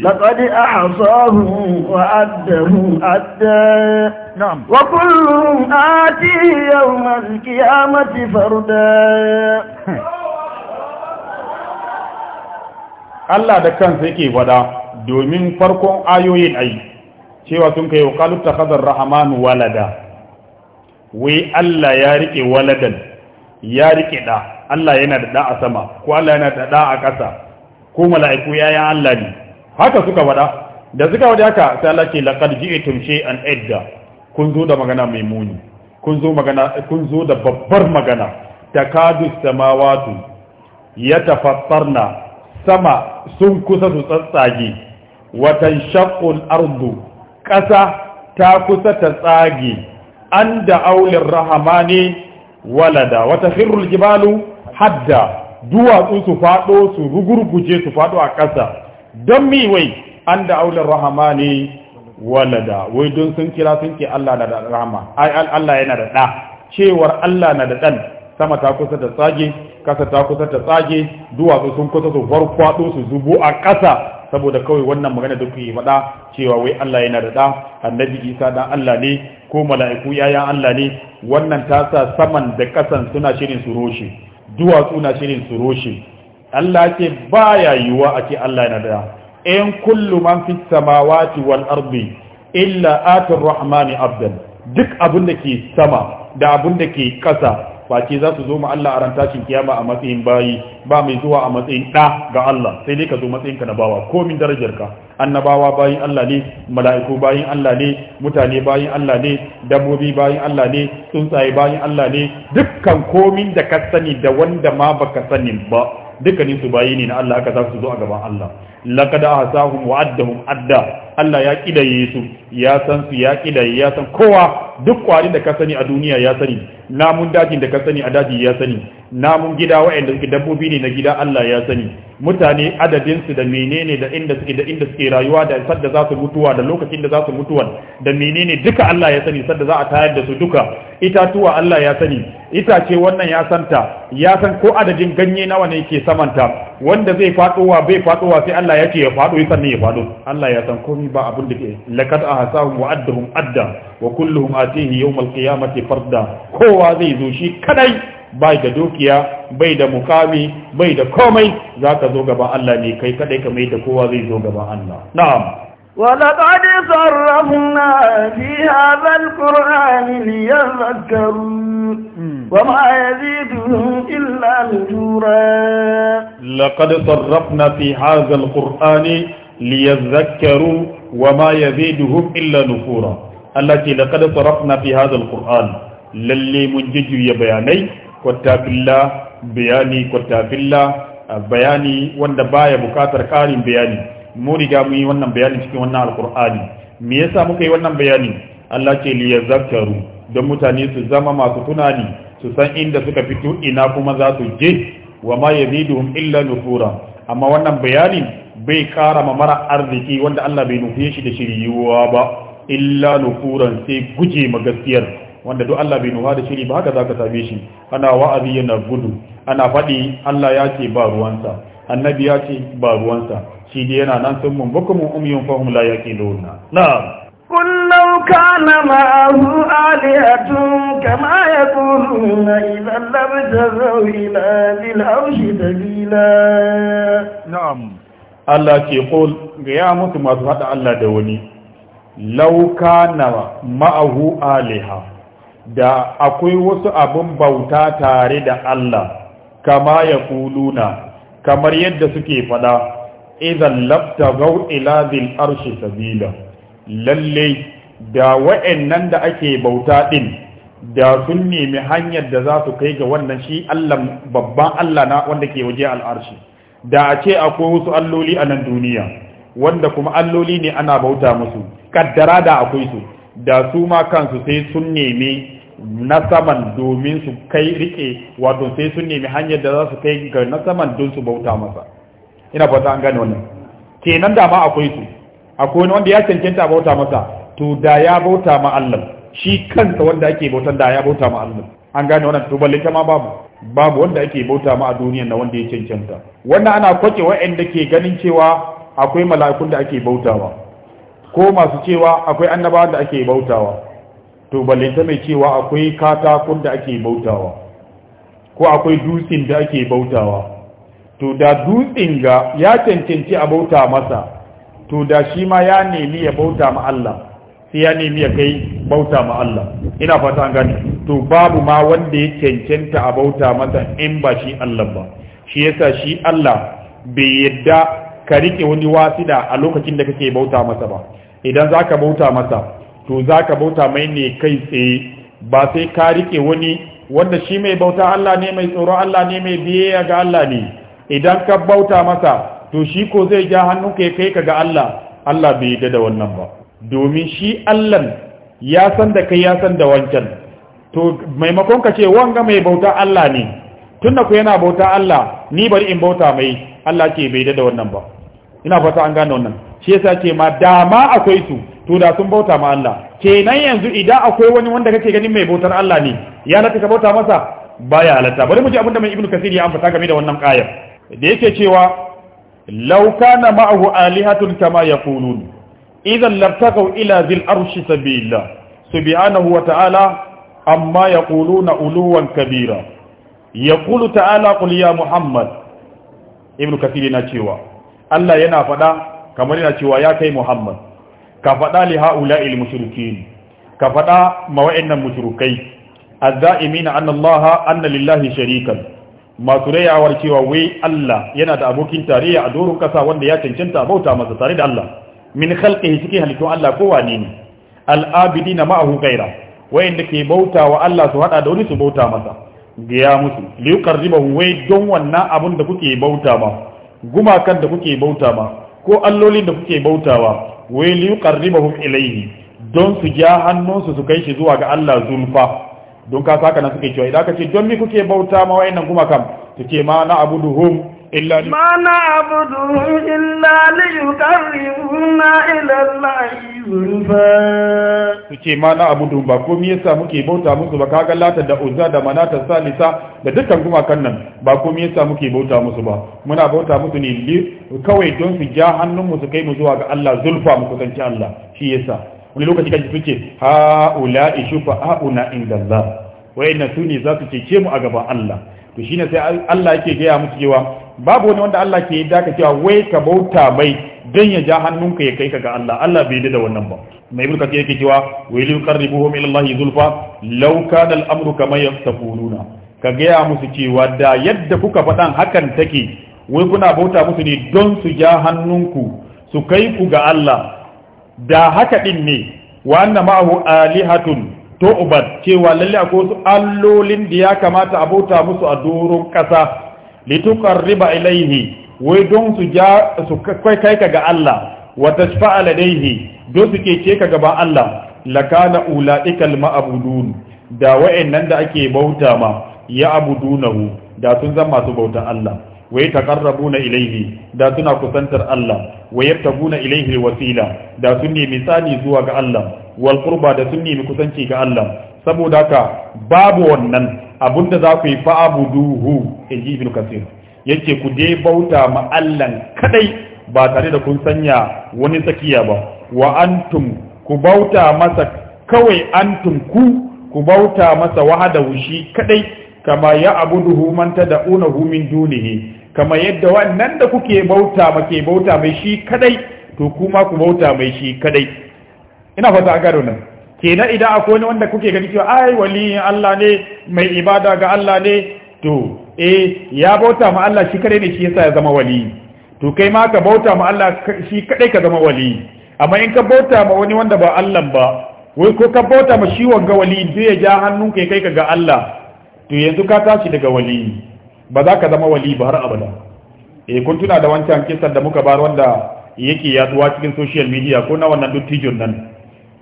لقد أحصاهم وعدهم عدا نعم. وكلهم آتي يوم القيامة فردا Allah da kansa yake gwada domin farkon ayoyin ai cewa sun kai qalu takhadar rahman walada wai Allah ya rike waladan ya rike da Allah yana da da a sama ko Allah yana da da a ƙasa ko mala'iku yaya Allah ne haka suka wada da suka wada haka sai Allah ce laqad ji'tum shay'an idda kun zo da magana mai muni kun zo magana kun zo da babbar magana takadu samawati yatafattarna sama sun kusa su tsatsage watan shaqqul ardu ƙasa ta kusa ta tsage an da aulin rahamani walada wata hirrul jibalu hadda duwatsu su faɗo su rugurguje su faɗo a ƙasa don miwai an da aulin rahamani walada wai don sun kira sun ke Allah na da rahama ai Allah yana da ɗa cewar Allah na da ɗan sama ta kusa da tsage kasa ta kusa ta tsage duwatsu sun kusa su farfaɗo su zubo a ƙasa saboda kawai wannan magana da kuke faɗa cewa wai Allah yana da ɗa annabi Isa dan Allah ne ko mala'iku yaya Allah ne wannan ta sa saman da ƙasan suna shirin su roshe duwatsu na shirin su roshe Allah ce baya yiwuwa a ce Allah yana da ɗa in kullu man fi samawati wal ardi illa atir rahmani abdan duk abin da ke sama da abin da ke ƙasa face za su zo ma Allah a ran tashin kiyama a matsayin bayi ba mai zuwa a matsayin ɗa ga Allah sai dai ka zo matsayin ka na bawa komin darajarka annabawa bayin Allah ne mala'iku bayin Allah ne mutane bayin Allah ne dabbobi bayin Allah ne tsuntsaye bayin Allah ne dukkan komin da ka sani da wanda ma baka sani ba dukkanin su bayi ne na Allah aka za su zo a gaban Allah laqad ahsahum wa'adahum adda Allah ya kidaye su ya san su ya kidaye ya san kowa duk kwarin da ka sani a duniya ya sani namun dajin da ka sani a daji ya sani namun gida waɗanda suke dabbobi ne na gida Allah ya sani mutane adadin su da menene da inda suke da inda suke rayuwa da sadda za su mutuwa da lokacin da za su mutuwa da menene duka Allah ya sani sadda za a tayar da su duka itatuwa Allah ya sani itace wannan ya santa ya san ko adadin ganye nawa ne yake samanta wanda zai faduwa bai faduwa sai Allah ya ce ya fado ne ya fado Allah ya san komai ba abin da ke lakad ahsahum wa addahum adda wa kulluhum ati yau malkiyamati farda kowa zai zo shi kadai bai da dukiya bai da mukami bai da komai za ka zo gaba Allah ne kai kadai ka mai da kowa zai zo gaba Allah na'am walaqad sarrafna fi hadhal qur'ani liyadhakkaru wama yaziduhum illa nujura laqad sarrafna fi hadhal qur'ani liyadhakkaru wama yaziduhum illa nufura Allah ce laqad sarafna fi hadha alquran lalle mun jujjuya bayanai kwatta billah bayani kwatta billah bayani wanda baya bukatar karin bayani mu riga mu yi wannan bayani cikin wannan alqur'ani me yasa muka yi wannan bayani Allah ce li yazakkaru don mutane su zama masu tunani su san inda suka fito ina kuma za su je wa ma yaziduhum illa nufura amma wannan bayanin bai kara mara arziki wanda Allah bai nufe shi da shiriyuwa ba illa nufuran sai guje ma gaskiyar wanda duk Allah bai nuha da shiri ba haka za ka same shi ana wa'azi yana gudu ana faɗi Allah ya ce ba ruwansa annabi ya ce ba ruwansa shi dai yana nan sun mun bukum umyun fahum la yaqiluna na'am kullu kana ma'ahu alihatun kama yaquluna idan labtazaw ila dil awshi dalila na'am Allah ce qul ga ya mutu masu hada Allah da wani lauka na ma'ahu aliha da akwai wasu abin bauta tare da Allah kama ya kuluna kamar yadda suke fada idan labta gau ila zil arshi sabila lalle da wa'annan da ake bauta ɗin, da sun nemi hanyar da za su kai ga wannan shi Allah babban Allah na wanda ke waje al'arshi da a ce akwai wasu alloli a nan duniya wanda kuma alloli ne ana bauta musu kaddara da akwai su da su ma kansu sai sun nemi na saman domin su kai rike wato sai sun nemi hanyar da za su kai ga na saman don su bauta masa ina fata an gane wannan kenan da ma akwai su akwai wani wanda ya cancanta bauta masa to da ya bauta ma Allah shi kansa wanda ake bauta da ya bauta ma Allah an gane wannan to balle ma babu babu wanda ake bauta ma a duniyar na wanda ya cancanta wannan ana kwace wa'anda ke ganin cewa akwai mala'ikun da ake bautawa ko masu cewa akwai annaba da ake bautawa to ballinta mai cewa akwai katakun da ake bautawa ko akwai dutsin da ake bautawa to da dutsin ga ya cancanci a bauta masa to da shi ma ya nemi ya bauta ma Allah sai ya nemi ya kai bauta ma Allah ina fata an gani to babu ma wanda ya cancanta a bauta masa in ba shi Allah ba shi yasa shi Allah bai yadda ka rike wani wasida a lokacin da kake bauta masa ba idan zaka bauta masa to zaka bauta mai ne kai tsaye ba sai ka rike wani wanda shi mai bauta Allah ne mai tsoro Allah ne mai biyayya ga Allah ne idan ka bauta masa to shi ko zai ja hannunka ya kai ka ga Allah Allah bai yarda da wannan ba domin shi Allah ya san da kai ya san da wancan to maimakon ka ce wanga mai bauta Allah ne tunda ku yana bauta Allah ni bari in bauta mai Allah ce bai da wannan ba ina fata an gane wannan shi yasa ce ma dama akwai su to da sun bauta ma Allah kenan yanzu idan akwai wani wanda kake ganin mai bautar Allah ne ya lata ka bauta masa baya halatta bari mu ji abinda mai ibnu kasir ya amfata game da wannan ayar da yake cewa law kana ma'ahu alihatun kama yaqulun idan lartaqu ila zil arshi sabila subhanahu wa ta'ala amma yaquluna uluwan kabira yaqulu ta'ala qul ya muhammad ibnu kathir na cewa Allah yana faɗa kamar yana cewa ya kai Muhammad ka faɗa li haula'il mushrikin ka faɗa ma wa'annan mushrikai azza'imina anna Allah anna lillahi sharikan masu rayawar cewa wai Allah yana da abokin tarayya a doron kasa wanda ya cancanta bauta masa tare da Allah min khalqihi cikin halittun Allah ko wane ne al'abidina ma'ahu ghaira wayanda ke bauta wa Allah su hada da wani su bauta masa gaya musu liyuqarribahu wai don wannan abun da kuke bauta ma gumakan da kuke bauta ma ko allolin da kuke bautawa wai liyuqarribahum ilaihi, don su ja hannunsu su kai shi zuwa ga Allah zulfa don ka saka nan suke cewa idan ka ce don mi kuke bauta ma wayannan gumakan su ce ma na abuduhum إلا لي... ما نعبدهم suke ma na abu ba komi yasa muke bauta musu ba kaga lata da uzza da manata salisa da dukkan gumakan nan ba komi yasa muke bauta musu ba muna bauta musu ne kawai don su ja hannun mu su kai mu zuwa ga Allah zulfa mu kusanci Allah shi yasa wani lokaci kaji suke ha ula ishufa hauna inda Allah wayannan su ne za su cece mu a gaban Allah to shine sai Allah yake gaya musu cewa babu wani wanda Allah ke yadda ka cewa wai ka bauta mai don ya ja hannunka ya kai ka ga Allah Allah bai da wannan ba mai bulka ce yake cewa wai lil qarribuhum ila Allah zulfa law kana al-amru kama yaftaquluna ka gaya musu cewa da yadda kuka faɗan hakan take wai kuna bauta musu ne don su ja hannunku su kai ku ga Allah da haka din ne wa anna ma'ahu alihatun to'bad cewa lalle akwai wasu allolin da ya kamata a bauta musu a doron kasa Litukar riba ilaihi wai don su ja su kai kai ka ga Allah wa tashfa'a ladaihi don su ce ka gaban Allah lakana ula'ikal ma'abudun da wa'annan da ake bauta ma ya abudunahu da sun zama masu bauta Allah wa yataqarrabuna ilaihi da suna kusantar Allah wai yabtaguna ilaihi wasila da sun nemi tsani zuwa ga Allah wal qurba da sun nemi kusanci ga Allah saboda haka babu wannan abinda za ku yi fa'abuduhu in ji ibn kasir yake ku je bauta ma Allah kadai ba tare da kun sanya wani tsakiya ba wa antum ku bauta masa kawai antum ku ku bauta masa wahada shi kadai kama ya abuduhu da una min dunihi kama yadda wannan da kuke bauta make bauta mai shi kadai to kuma ku bauta mai shi kadai ina fata a gado nan kenan idan akwai wani wanda kuke gani cewa ai wali Allah ne mai ibada ga Allah ne to eh ya bauta ma Allah shi kare ne shi yasa ya zama wali to kai ma ka bauta ma Allah shi kadai ka zama wali amma in ka bauta ma wani wanda ba Allah ba wai ko ka bauta ma shi wanga wali to ya ja hannun kai kai ka ga Allah to yanzu ka tashi daga wali ba za ka zama wali ba har abada eh kun tuna da wancan kisan da muka bar wanda yake yaduwa cikin social media ko na wannan dutijon nan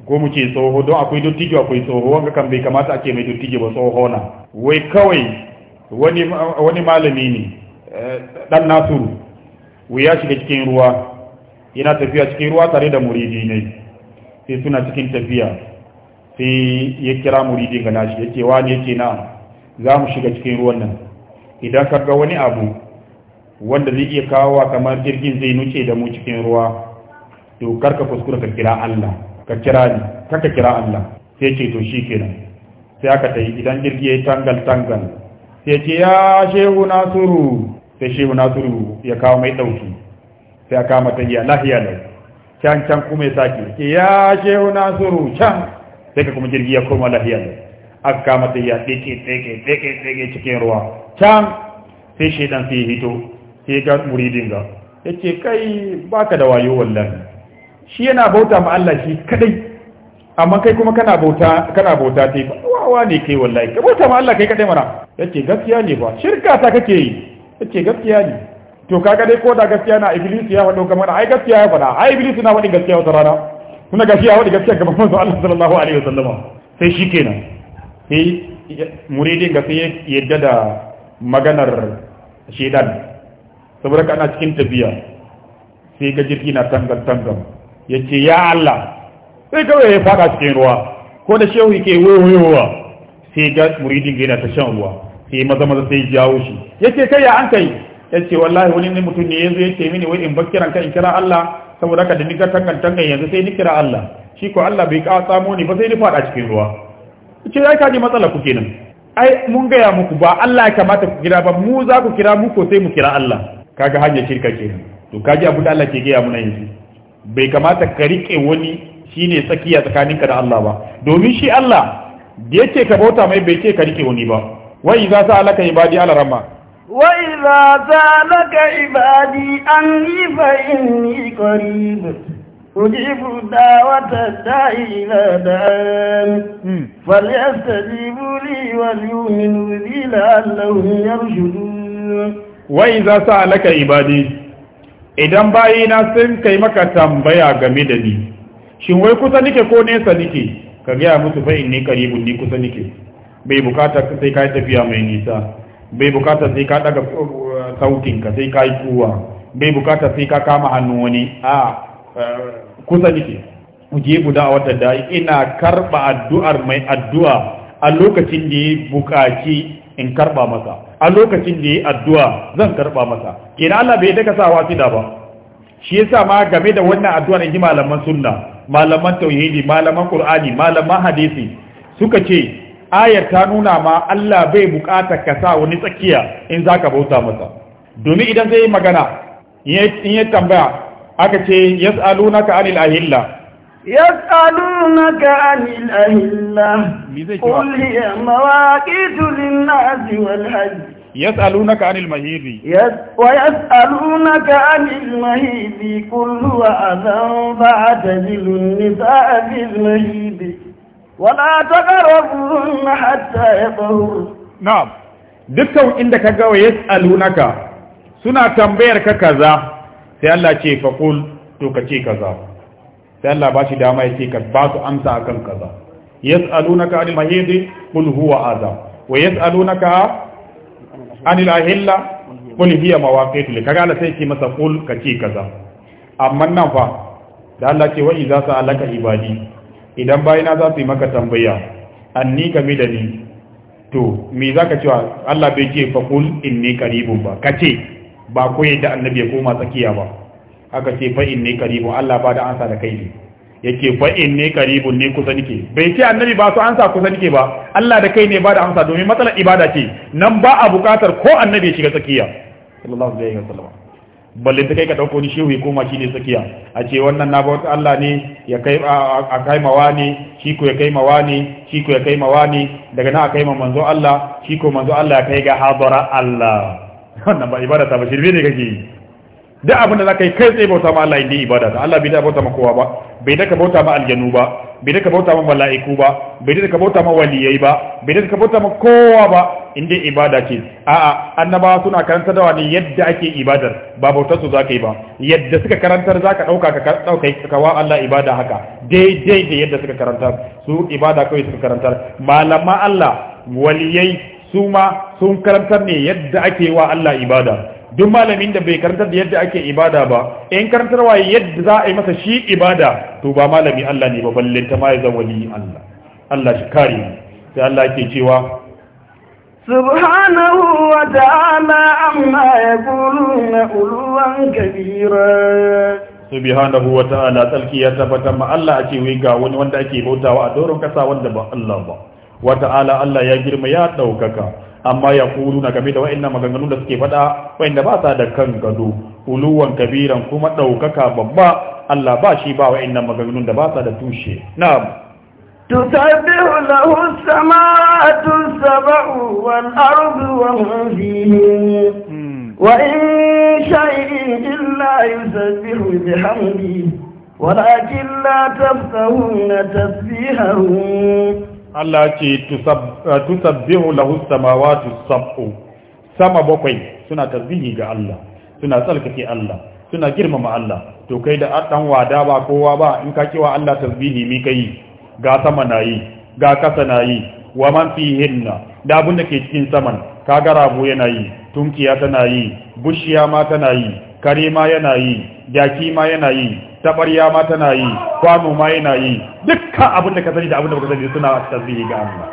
ko mu ce tsoho don akwai dottijo akwai tsoho wanga kan bai kamata ake mai dottijo ba tsoho na wai kawai wani malami ne eh, dan nasuru wuya shiga cikin ruwa yana tafiya cikin ruwa tare da muridi ne sai suna cikin tafiya sai ya kira muridi ga nashi ya ce wani ya ce na za mu shiga cikin ruwan nan idan ka ga wani abu wanda zai iya kawowa kamar jirgin zai nuce da mu cikin ruwa to karka fuskura ka kira Allah ka kira ni kaka kira Allah sai ce to shi kenan sai aka yi. idan jirgi ya tangal tangal sai ce ya shehu nasiru sai shehu nasiru ya kawo mai dauki sai aka mata ya lahiya lai can can kuma ya sake Sai ya shehu nasiru can sai ka kuma jirgi ya koma lahiya kama aka mata ya ɗeke ɗeke-ɗeke dake cikin ruwa can sai shedan sai hito sai ga muridin ga yace kai baka da wayo wallahi shi yana bauta ma Allah shi kadai amma kai kuma kana bauta kana bauta kai wawa ne kai wallahi ka bauta ma Allah kai kadai mana yace gaskiya ne ba shirka ta kake yi yace gaskiya ne to kaga dai ko da gaskiya na iblis ya faɗo kamar ai gaskiya ya fada ai iblis na faɗi gaskiya wata rana kuna gaskiya ya faɗi gaskiya ga manzo Allah sallallahu alaihi wasallam sai shi kenan sai muridin ga sai yadda da maganar shedan saboda kana cikin tafiya sai ga jirgi na tangal tangal ya ce ya Allah sai kawai ya fada cikin ruwa ko da shehu ke wowowa sai ga muridin gina ta shan ruwa sai maza maza sai jawo shi ya ce kai ya an kai ya ce wallahi wani mutum ne yanzu ya ce mini wai in bakiran ka in kira Allah saboda ka da ni tangan tangan yanzu sai ni kira Allah shi ko Allah bai ka tsamo ni ba sai ni fada cikin ruwa ce ya ka ji matsala ku kenan ai mun gaya muku ba Allah ya kamata ku kira ba mu za ku kira mu ko sai mu kira Allah kaga hanyar shirka kenan to kaji abu da Allah ke gaya muna yanzu bai kamata ka rike wani shine tsakiya tsakaninka da Allah ba domin shi Allah da yake ka bauta mai bai ce ka rike wani ba wa idza sa'alaka ibadi ala rama wa idza sa'alaka ibadi an fa inni qarib أجيب دعوة الداعي إلى li wa لي وليؤمنوا بي لعلهم wa idza sa'alaka ibadi. idan bayina sun kai maka tambaya game da ni shin wai kusa nike ko nesa nike ka gaya musu fa ne qaribun ni kusa nike bai bukata sai ka yi tafiya mai nisa bai bukata sai ka daga uh, sautin ka sai ka yi kuwa bai bukata sai ka kama hannu wani a uh, kusa nike a wata da ina karba addu'ar mai addu'a a lokacin da ya bukaci in karba masa a lokacin da ya yi addu'a zan karba masa kenan Allah bai daka sa da ba shi yasa ma game da wannan addu'a ne malaman sunna malaman tauhidi malaman ƙur'ani, malaman hadisi suka ce ayar ta nuna ma Allah bai bukata ka sa wani tsakiya in zaka bauta masa domin idan zai magana in ya tambaya aka ce yas'alunaka anil ahilla يسألونك عن الأهلة قل هي مواقيت للناس والحج يسألونك عن المهيب يس ويسألونك عن المهيب قل هو أذى فاعتزلوا النساء في المهيب ولا تقربوهن حتى يطهر نعم dukkan inda ka gawa yas'alunaka suna tambayar ka kaza sai Allah ce faqul to kace kaza sai Allah ba shi dama ya ka ba su amsa akan kaza yas'alunaka anil mahid qul huwa adha wa yas'alunaka anil ahilla qul hiya li kaga Allah sai ki masa qul ka ci kaza amma nan fa da Allah ce wa idza sa'alaka ibadi idan bayina za su yi maka tambaya anni game da ni to me zaka cewa Allah bai ce fa qul inni qaribun ba kace ba koyi da annabi ya koma tsakiya ba aka ce fa ne karibu Allah ba da ansa da kai ne yake fa ne karibu ni kusa nike bai ce annabi ba su ansa kusa nike ba Allah da kai ne ba da ansa domin matsalar ibada ce nan ba a bukatar ko annabi ya shiga tsakiya sallallahu alaihi wasallam balle ta kai ka dauko ni shehu ko ma shi ne tsakiya a ce wannan na bauta Allah ne ya kai a kai mawa ne shi ko ya kai mawa ne shi ko ya kai mawa ne daga nan a kai ma manzo Allah shi ko manzo Allah ya kai ga hadara Allah wannan ba ibada ta ba shirme ne kake yi da abin da zaka yi kai tsaye bauta ma Allah inda ibada da Allah bai da bauta ma kowa ba bai da ka bauta ma aljanu ba bai da ka bauta ma mala'iku ba bai da ka bauta ma waliyai ba bai da ka bauta ma kowa ba inda ibada ce a'a annabawa suna karanta da wani yadda ake ibadar ba bautar su zaka yi ba yadda suka karantar zaka dauka ka dauka ka wa Allah ibada haka daidai da yadda suka karantar su ibada kai suka karantar malama Allah waliyai su ma sun karantar ne yadda ake wa Allah ibada duk malamin da bai karantar da yadda ake ibada ba in karantarwa yadda za a yi masa shi ibada to ba malami Allah ne ba balle ta ma ya Allah Allah shi kare sai Allah ke cewa subhanahu wa ta'ala amma yaquluna uluwan kabira subhanahu wa ta'ala tsalki ya tabbatar ma Allah a ce wai ga wani wanda ake bautawa a doron kasa wanda ba Allah ba wa ta'ala Allah ya girma ya daukaka amma ya kulu na game da wa'annan maganganun da suke faɗa wa'inda ba sa da kan gado uluwan kabiran kuma ɗaukaka babba Allah ba shi ba wa'annan maganganun da ba sa da tushe na'am تسبح له السماوات السبع والأرض ومن فيهن وإن شيء إلا يسبح بحمده ولكن Allah ce eh, tusabbihu lahu samawati sab'u sama bakwai suna tarbihi ga Allah suna tsarkake Allah suna girmama Allah to kai da dan wada ba kowa ba in ka kiwa Allah tasbihi mi kai ga sama nayi ga kasa nayi wa man fihinna da abun da ke cikin saman ga rabo yana yi tunkiya tana yi bushiya ma tana yi kare ma yana yi jaki ma yana yi tabarya ma tana yi kwano ma yana yi dukkan abin da ka sani da abin da baka sani suna tasbihi ga Allah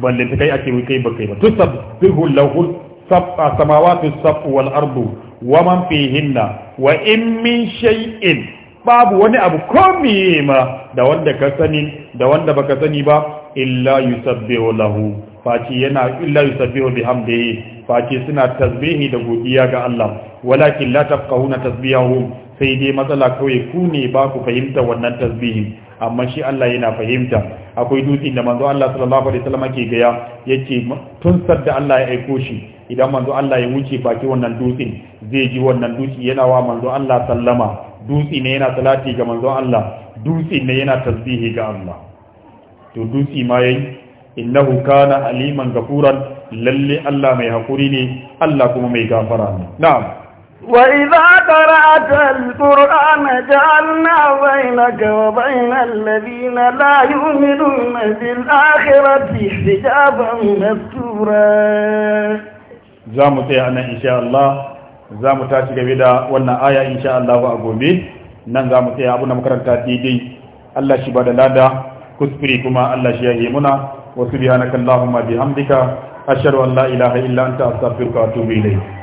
balle ta kai ake kai ba kai ba tusabbihu lahu samawati sab wal ardu wa man fihinna wa in min shay'in babu wani abu ko ma da wanda ka sani da wanda baka sani ba illa yusabbihu lahu faci yana illa yusabbihu bihamdihi faci suna tasbihi da godiya ga Allah walakin la tafqahuna tasbihahum sai dai matsala kawai ku ne ba ku fahimta wannan tasbihin amma shi Allah yana fahimta akwai dutsen da manzo Allah sallallahu alaihi wasallam ke gaya yace tun sadda Allah ya aiko shi idan manzo Allah ya wuce baki wannan dutsen zai ji wannan dutse yana wa manzo Allah sallama dutse ne yana salati ga manzo Allah dutse ne yana tasbihi ga Allah to dutse ma yayi innahu kana aliman gafuran lalle Allah mai hakuri ne Allah kuma mai gafara ne na'am وإذا قرأت القرآن جعلنا بينك وبين الذين لا يؤمنون بالآخرة حجابا مستورا زامو تيانا إن شاء الله زامو تاشي كبيدا وانا آية إن شاء الله وأقومي نان زامو تيا أبونا مكرمتا ديدي الله شبادا لادا كسبري كما الله شيئي منا وسبحانك اللهم بحمدك أشهد أن لا إله إلا أنت أستغفرك وأتوب إليك